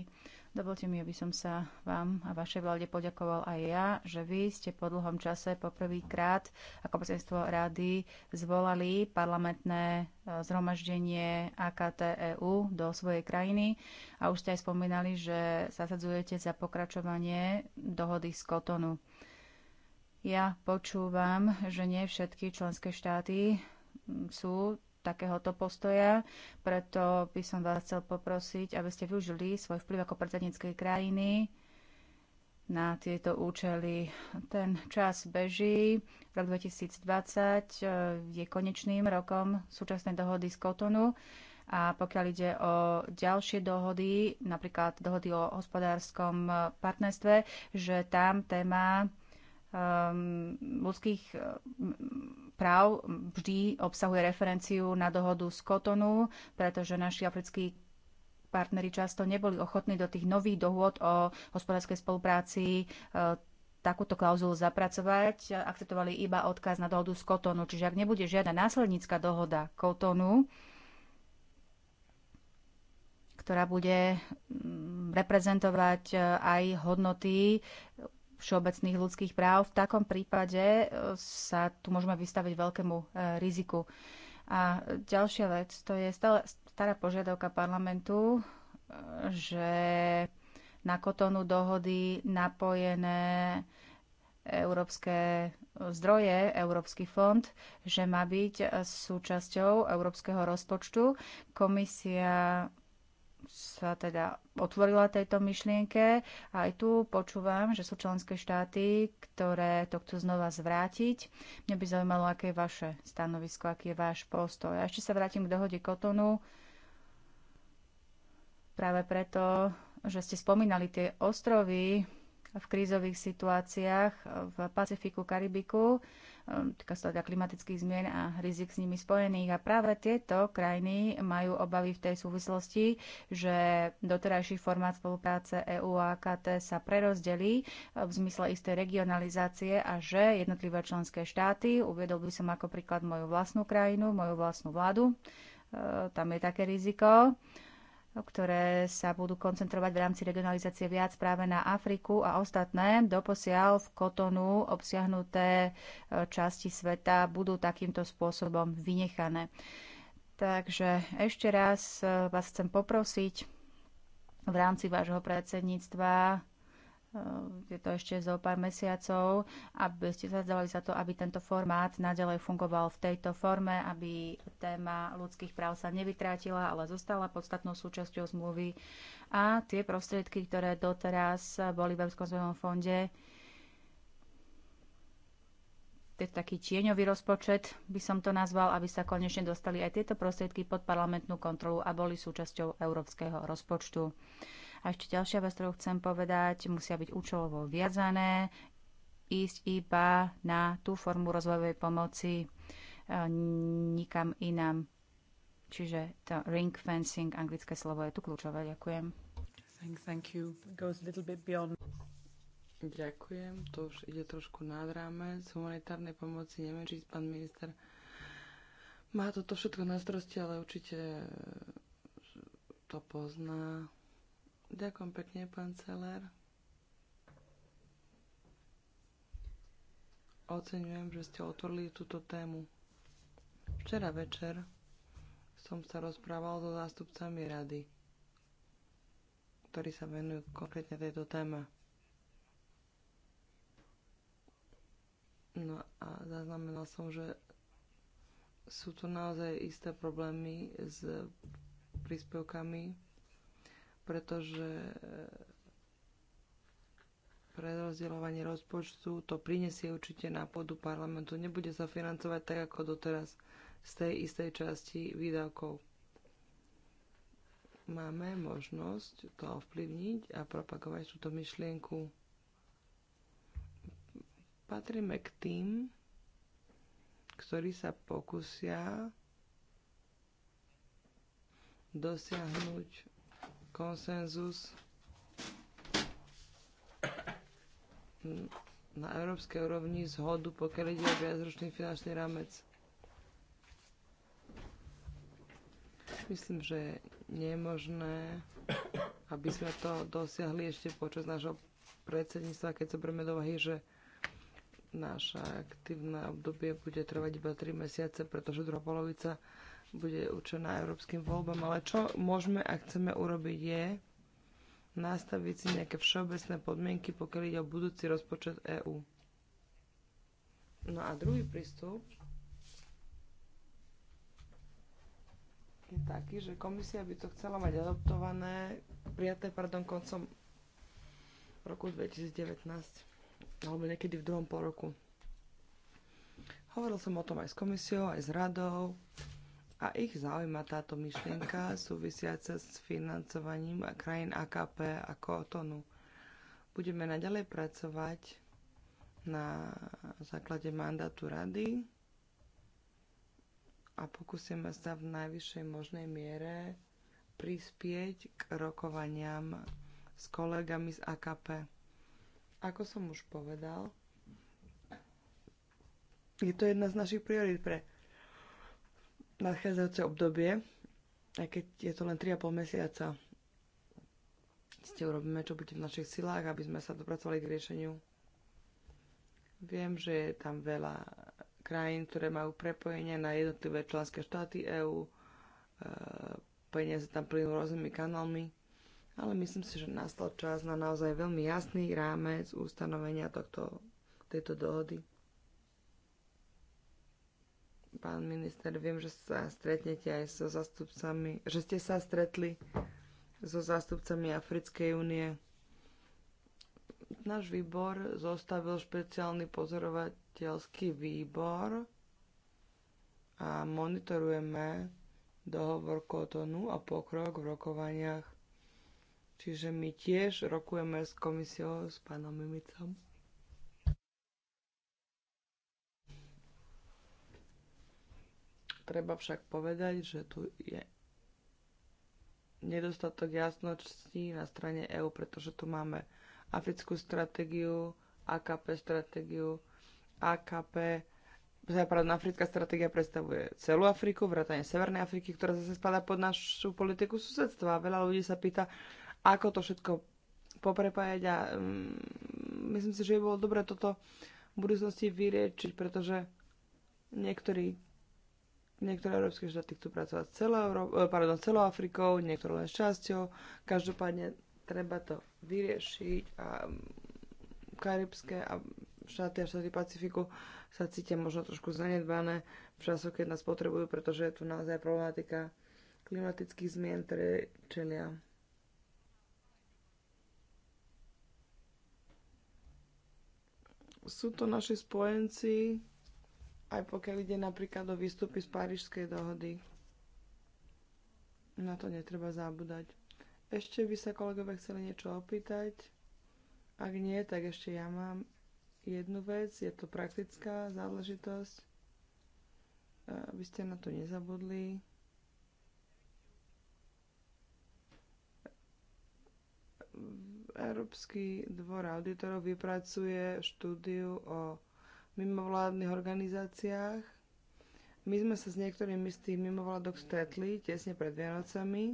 Dovolte mi, aby som sa vám a vašej vláde poďakoval aj ja, že vy ste po dlhom čase poprvýkrát ako predsedníctvo rady zvolali parlamentné e, zhromaždenie AKT EU do svojej krajiny a už ste aj spomínali, že sa sadzujete za pokračovanie dohody z Kotonu. Ja počúvam, že nie všetky členské štáty mm, sú takéhoto postoja, preto by som vás chcel poprosiť, aby ste využili svoj vplyv ako predsedníckej krajiny na tieto účely. Ten čas beží. Rok 2020 eh, je konečným rokom súčasnej dohody z Kotonu a pokiaľ ide o ďalšie dohody, napríklad dohody o hospodárskom eh, partnerstve, že tam téma um, ľudských e, práv vždy obsahuje referenciu na dohodu z Kotonu, pretože naši africkí partneri často neboli ochotní do tých nových dohôd o hospodárskej spolupráci e, takúto klauzulu zapracovať, akceptovali iba odkaz na dohodu z Kotonu. Čiže ak nebude žiadna následnícka dohoda Kotonu, ktorá bude mm, reprezentovať e, aj hodnoty všeobecných ľudských práv. V takom prípade e, sa tu môžeme vystaviť veľkému e, riziku. A ďalšia vec, to je stále stará požiadavka parlamentu, e, že na kotonu dohody napojené európske zdroje, Európsky fond, že má byť súčasťou európskeho rozpočtu. Komisia sa teda otvorila tejto myšlienke. aj tu počúvam, že sú členské štáty, ktoré to chcú znova zvrátiť. Mňa by zaujímalo, aké je vaše stanovisko, aký je váš postoj. A ešte sa vrátim k dohode Kotonu. Práve preto, že ste spomínali tie ostrovy v krízových situáciách v Pacifiku, Karibiku. Um, týka sa teda klimatických zmien a rizik s nimi spojených. A práve tieto krajiny majú obavy v tej súvislosti, že doterajší formát spolupráce EU a AKT sa prerozdelí uh, v zmysle istej regionalizácie a že jednotlivé členské štáty, uviedol by som ako príklad moju vlastnú krajinu, moju vlastnú vládu, uh, tam je také riziko, ktoré sa budú koncentrovať v rámci regionalizácie viac práve na Afriku a ostatné doposiaľ v kotonu obsiahnuté e, časti sveta budú takýmto spôsobom vynechané. Takže ešte raz e, vás chcem poprosiť v rámci vášho predsedníctva Eh, je to ešte zo pár mesiacov, aby ste sa zdávali za to, aby tento formát nadalej fungoval v tejto forme, aby téma ľudských práv sa nevytrátila, ale zostala podstatnou súčasťou zmluvy. A tie prostriedky, ktoré doteraz boli v Európskom fonde, to je taký tieňový rozpočet, by som to nazval, aby sa konečne dostali aj tieto prostriedky pod parlamentnú kontrolu a boli súčasťou európskeho rozpočtu. A ešte ďalšia vec, ktorú chcem povedať, musia byť účelovo viazané, ísť iba na tú formu rozvojovej pomoci e, nikam inám. Čiže to ring fencing, anglické slovo, je tu kľúčové. Ďakujem. Thank, thank you. goes a little bit beyond. Ďakujem, to už ide trošku nad rámec humanitárnej pomoci. Neviem, či pán minister má toto všetko na starosti, ale určite to pozná. Ďakujem pekne, pán Celer. Oceňujem, že ste otvorili túto tému. Včera večer som sa rozprával so zástupcami rady, ktorí sa venujú konkrétne tejto téme. No a zaznamenal som, že sú tu naozaj isté problémy s príspevkami pretože eh, prerozdeľovanie rozpočtu to prinesie určite na pôdu parlamentu. Nebude sa financovať tak ako doteraz z tej istej časti výdavkov. Máme možnosť to ovplyvniť a propagovať túto myšlienku. Patríme k tým, ktorí sa pokusia dosiahnuť konsenzus na európskej úrovni zhodu, pokiaľ ide o viacročný finančný rámec. Myslím, že nie je možné, aby sme to dosiahli ešte počas nášho predsedníctva, keď sa berieme do vahy, že naše aktívne obdobie bude trvať iba 3 mesiace, pretože druhá polovica bude určená európskym voľbám, ale čo môžeme a chceme urobiť je nastaviť si nejaké všeobecné podmienky, pokiaľ ide o budúci rozpočet EÚ. No a druhý prístup je taký, že komisia by to chcela mať adoptované, prijaté, pardon, koncom roku 2019 alebo niekedy v druhom pol roku. Hovoril som o tom aj s komisiou, aj s radou, a ich zaujíma táto myšlienka súvisiaca s financovaním krajín AKP a Kotonu. Budeme naďalej pracovať na základe mandátu rady a pokúsime sa v najvyššej možnej miere prispieť k rokovaniam s kolegami z AKP. Ako som už povedal, je to jedna z našich priorít pre nadchádzajúce obdobie, aj keď je to len 3,5 mesiaca, ste urobíme, čo bude v našich silách, aby sme sa dopracovali k riešeniu. Viem, že je tam veľa krajín, ktoré majú prepojenie na jednotlivé členské štáty EÚ, e, peniaze tam plynú rôznymi kanálmi, ale myslím si, že nastal čas na naozaj veľmi jasný rámec ustanovenia tohto, tejto dohody. Pán minister, viem, že sa stretnete aj so zastupcami, že ste sa stretli so zastupcami Africkej únie. Náš výbor zostavil špeciálny pozorovateľský výbor a monitorujeme dohovor Kotonu a pokrok v rokovaniach. Čiže my tiež rokujeme s komisiou, s pánom Mimicom. Treba však povedať, že tu je nedostatok jasnosti na strane EÚ, pretože tu máme africkú stratégiu, AKP stratégiu, AKP, západná africká stratégia predstavuje celú Afriku, vrátane Severnej Afriky, ktorá zase spadá pod našu politiku susedstva. Veľa ľudí sa pýta, ako to všetko poprepájať a um, myslím si, že by bolo dobre toto v budúcnosti vyriečiť, pretože niektorí Niektoré európske štáty chcú pracovať s celou, Euró- e, pardon, celou Afrikou, niektoré len s časťou. Každopádne treba to vyriešiť a karibské a štáty a štáty Pacifiku sa cítia možno trošku zanedbané v časoch, keď nás potrebujú, pretože je tu naozaj problematika klimatických zmien, ktoré čelia. Sú to naši spojenci, aj pokiaľ ide napríklad o výstupy z Parížskej dohody. Na to netreba zabúdať. Ešte by sa kolegovia chceli niečo opýtať. Ak nie, tak ešte ja mám jednu vec. Je to praktická záležitosť. Aby e, ste na to nezabudli. Európsky dvor auditorov vypracuje štúdiu o mimovládnych organizáciách. My sme sa s niektorými z tých mimovládok stretli tesne pred Vianocami.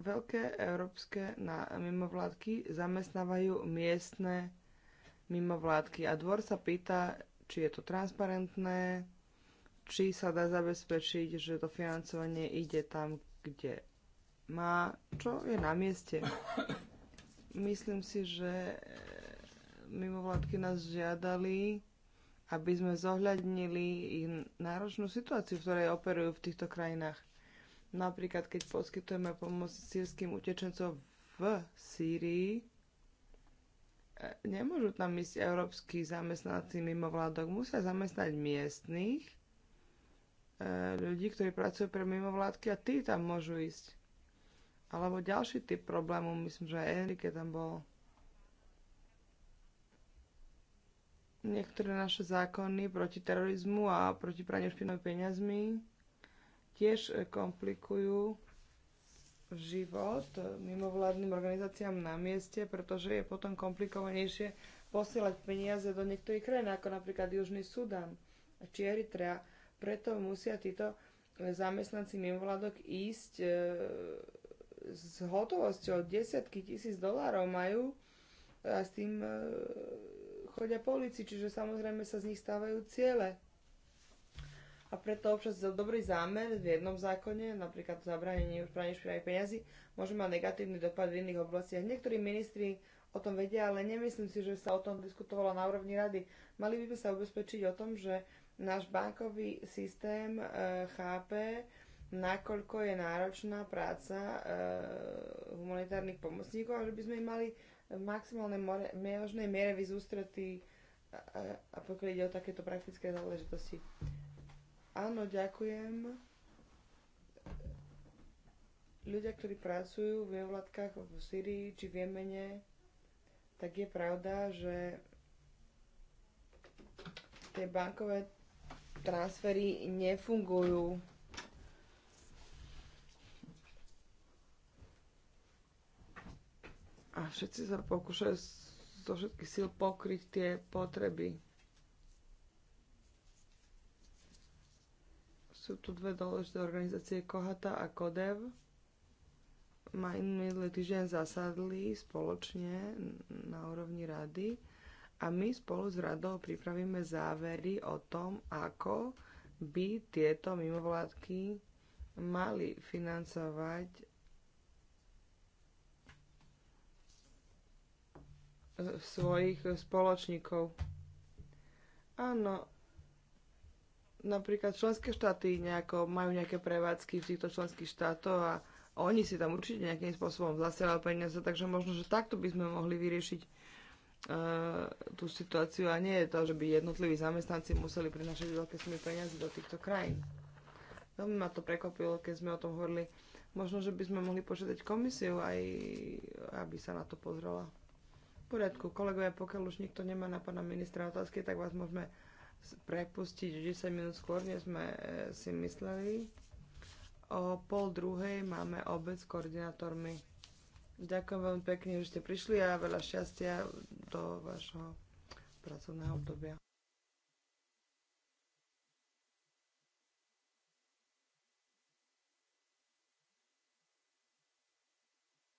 Veľké európske na mimovládky zamestnávajú miestne mimovládky a dvor sa pýta, či je to transparentné, či sa dá zabezpečiť, že to financovanie ide tam, kde má, čo je na mieste. Myslím si, že e, mimovládky nás žiadali, aby sme zohľadnili ich náročnú situáciu, v ktorej operujú v týchto krajinách. Napríklad, keď poskytujeme pomoc sírským utečencom v Sýrii, e, nemôžu tam ísť európsky zamestnanci mimo vládok. Musia zamestnať miestných e, ľudí, ktorí pracujú pre mimovládky a tí tam môžu ísť. Alebo ďalší typ problému, myslím, že aj Enrique tam bol. Niektoré naše zákony proti terorizmu a proti praniu špinavými peniazmi tiež e, komplikujú život e, mimovládnym organizáciám na mieste, pretože je potom komplikovanejšie posielať peniaze do niektorých krajín, ako napríklad Južný Sudan či Eritrea. Preto musia títo e, zamestnanci mimovládok ísť s hotovosťou desiatky tisíc dolárov majú a s tým e, chodia po ulici, čiže samozrejme sa z nich stávajú ciele. A preto občas dobrý zámer v jednom zákone, napríklad zabránenie prania špinavých peňazí, môže mať negatívny dopad v iných oblastiach. Niektorí ministri o tom vedia, ale nemyslím si, že sa o tom diskutovalo na úrovni rady. Mali by sme sa ubezpečiť o tom, že náš bankový systém e, chápe, nakoľko je náročná práca e, humanitárnych pomocníkov a že by sme im mali v maximálnej možnej miere vyzústretí a, e, a, pokiaľ ide o takéto praktické záležitosti. Áno, ďakujem. Ľudia, ktorí pracujú v nevládkach v Syrii či v Jemene, tak je pravda, že tie bankové transfery nefungujú A všetci sa pokúšajú zo všetkých síl pokryť tie potreby. Sú tu dve dôležité organizácie, Kohata a Kodev. Majú minulý týždeň zasadli spoločne na úrovni rady a my spolu s radou pripravíme závery o tom, ako by tieto mimovládky mali financovať svojich spoločníkov. Áno, napríklad členské štáty nejako majú nejaké prevádzky v týchto členských štátoch a oni si tam určite nejakým spôsobom zasielajú peniaze, takže možno, že takto by sme mohli vyriešiť e, tú situáciu a nie je to, že by jednotliví zamestnanci museli prinašať veľké sumy peniazy do týchto krajín. Veľmi ma to prekvapilo, keď sme o tom hovorili. Možno, že by sme mohli požiadať komisiu aj, aby sa na to pozrela poriadku, kolegovia, pokiaľ už nikto nemá na pána ministra otázky, tak vás môžeme prepustiť 10 minút skôr, než sme e, si mysleli. O pol druhej máme obec s koordinátormi. Ďakujem veľmi pekne, že ste prišli a veľa šťastia do vašho pracovného obdobia.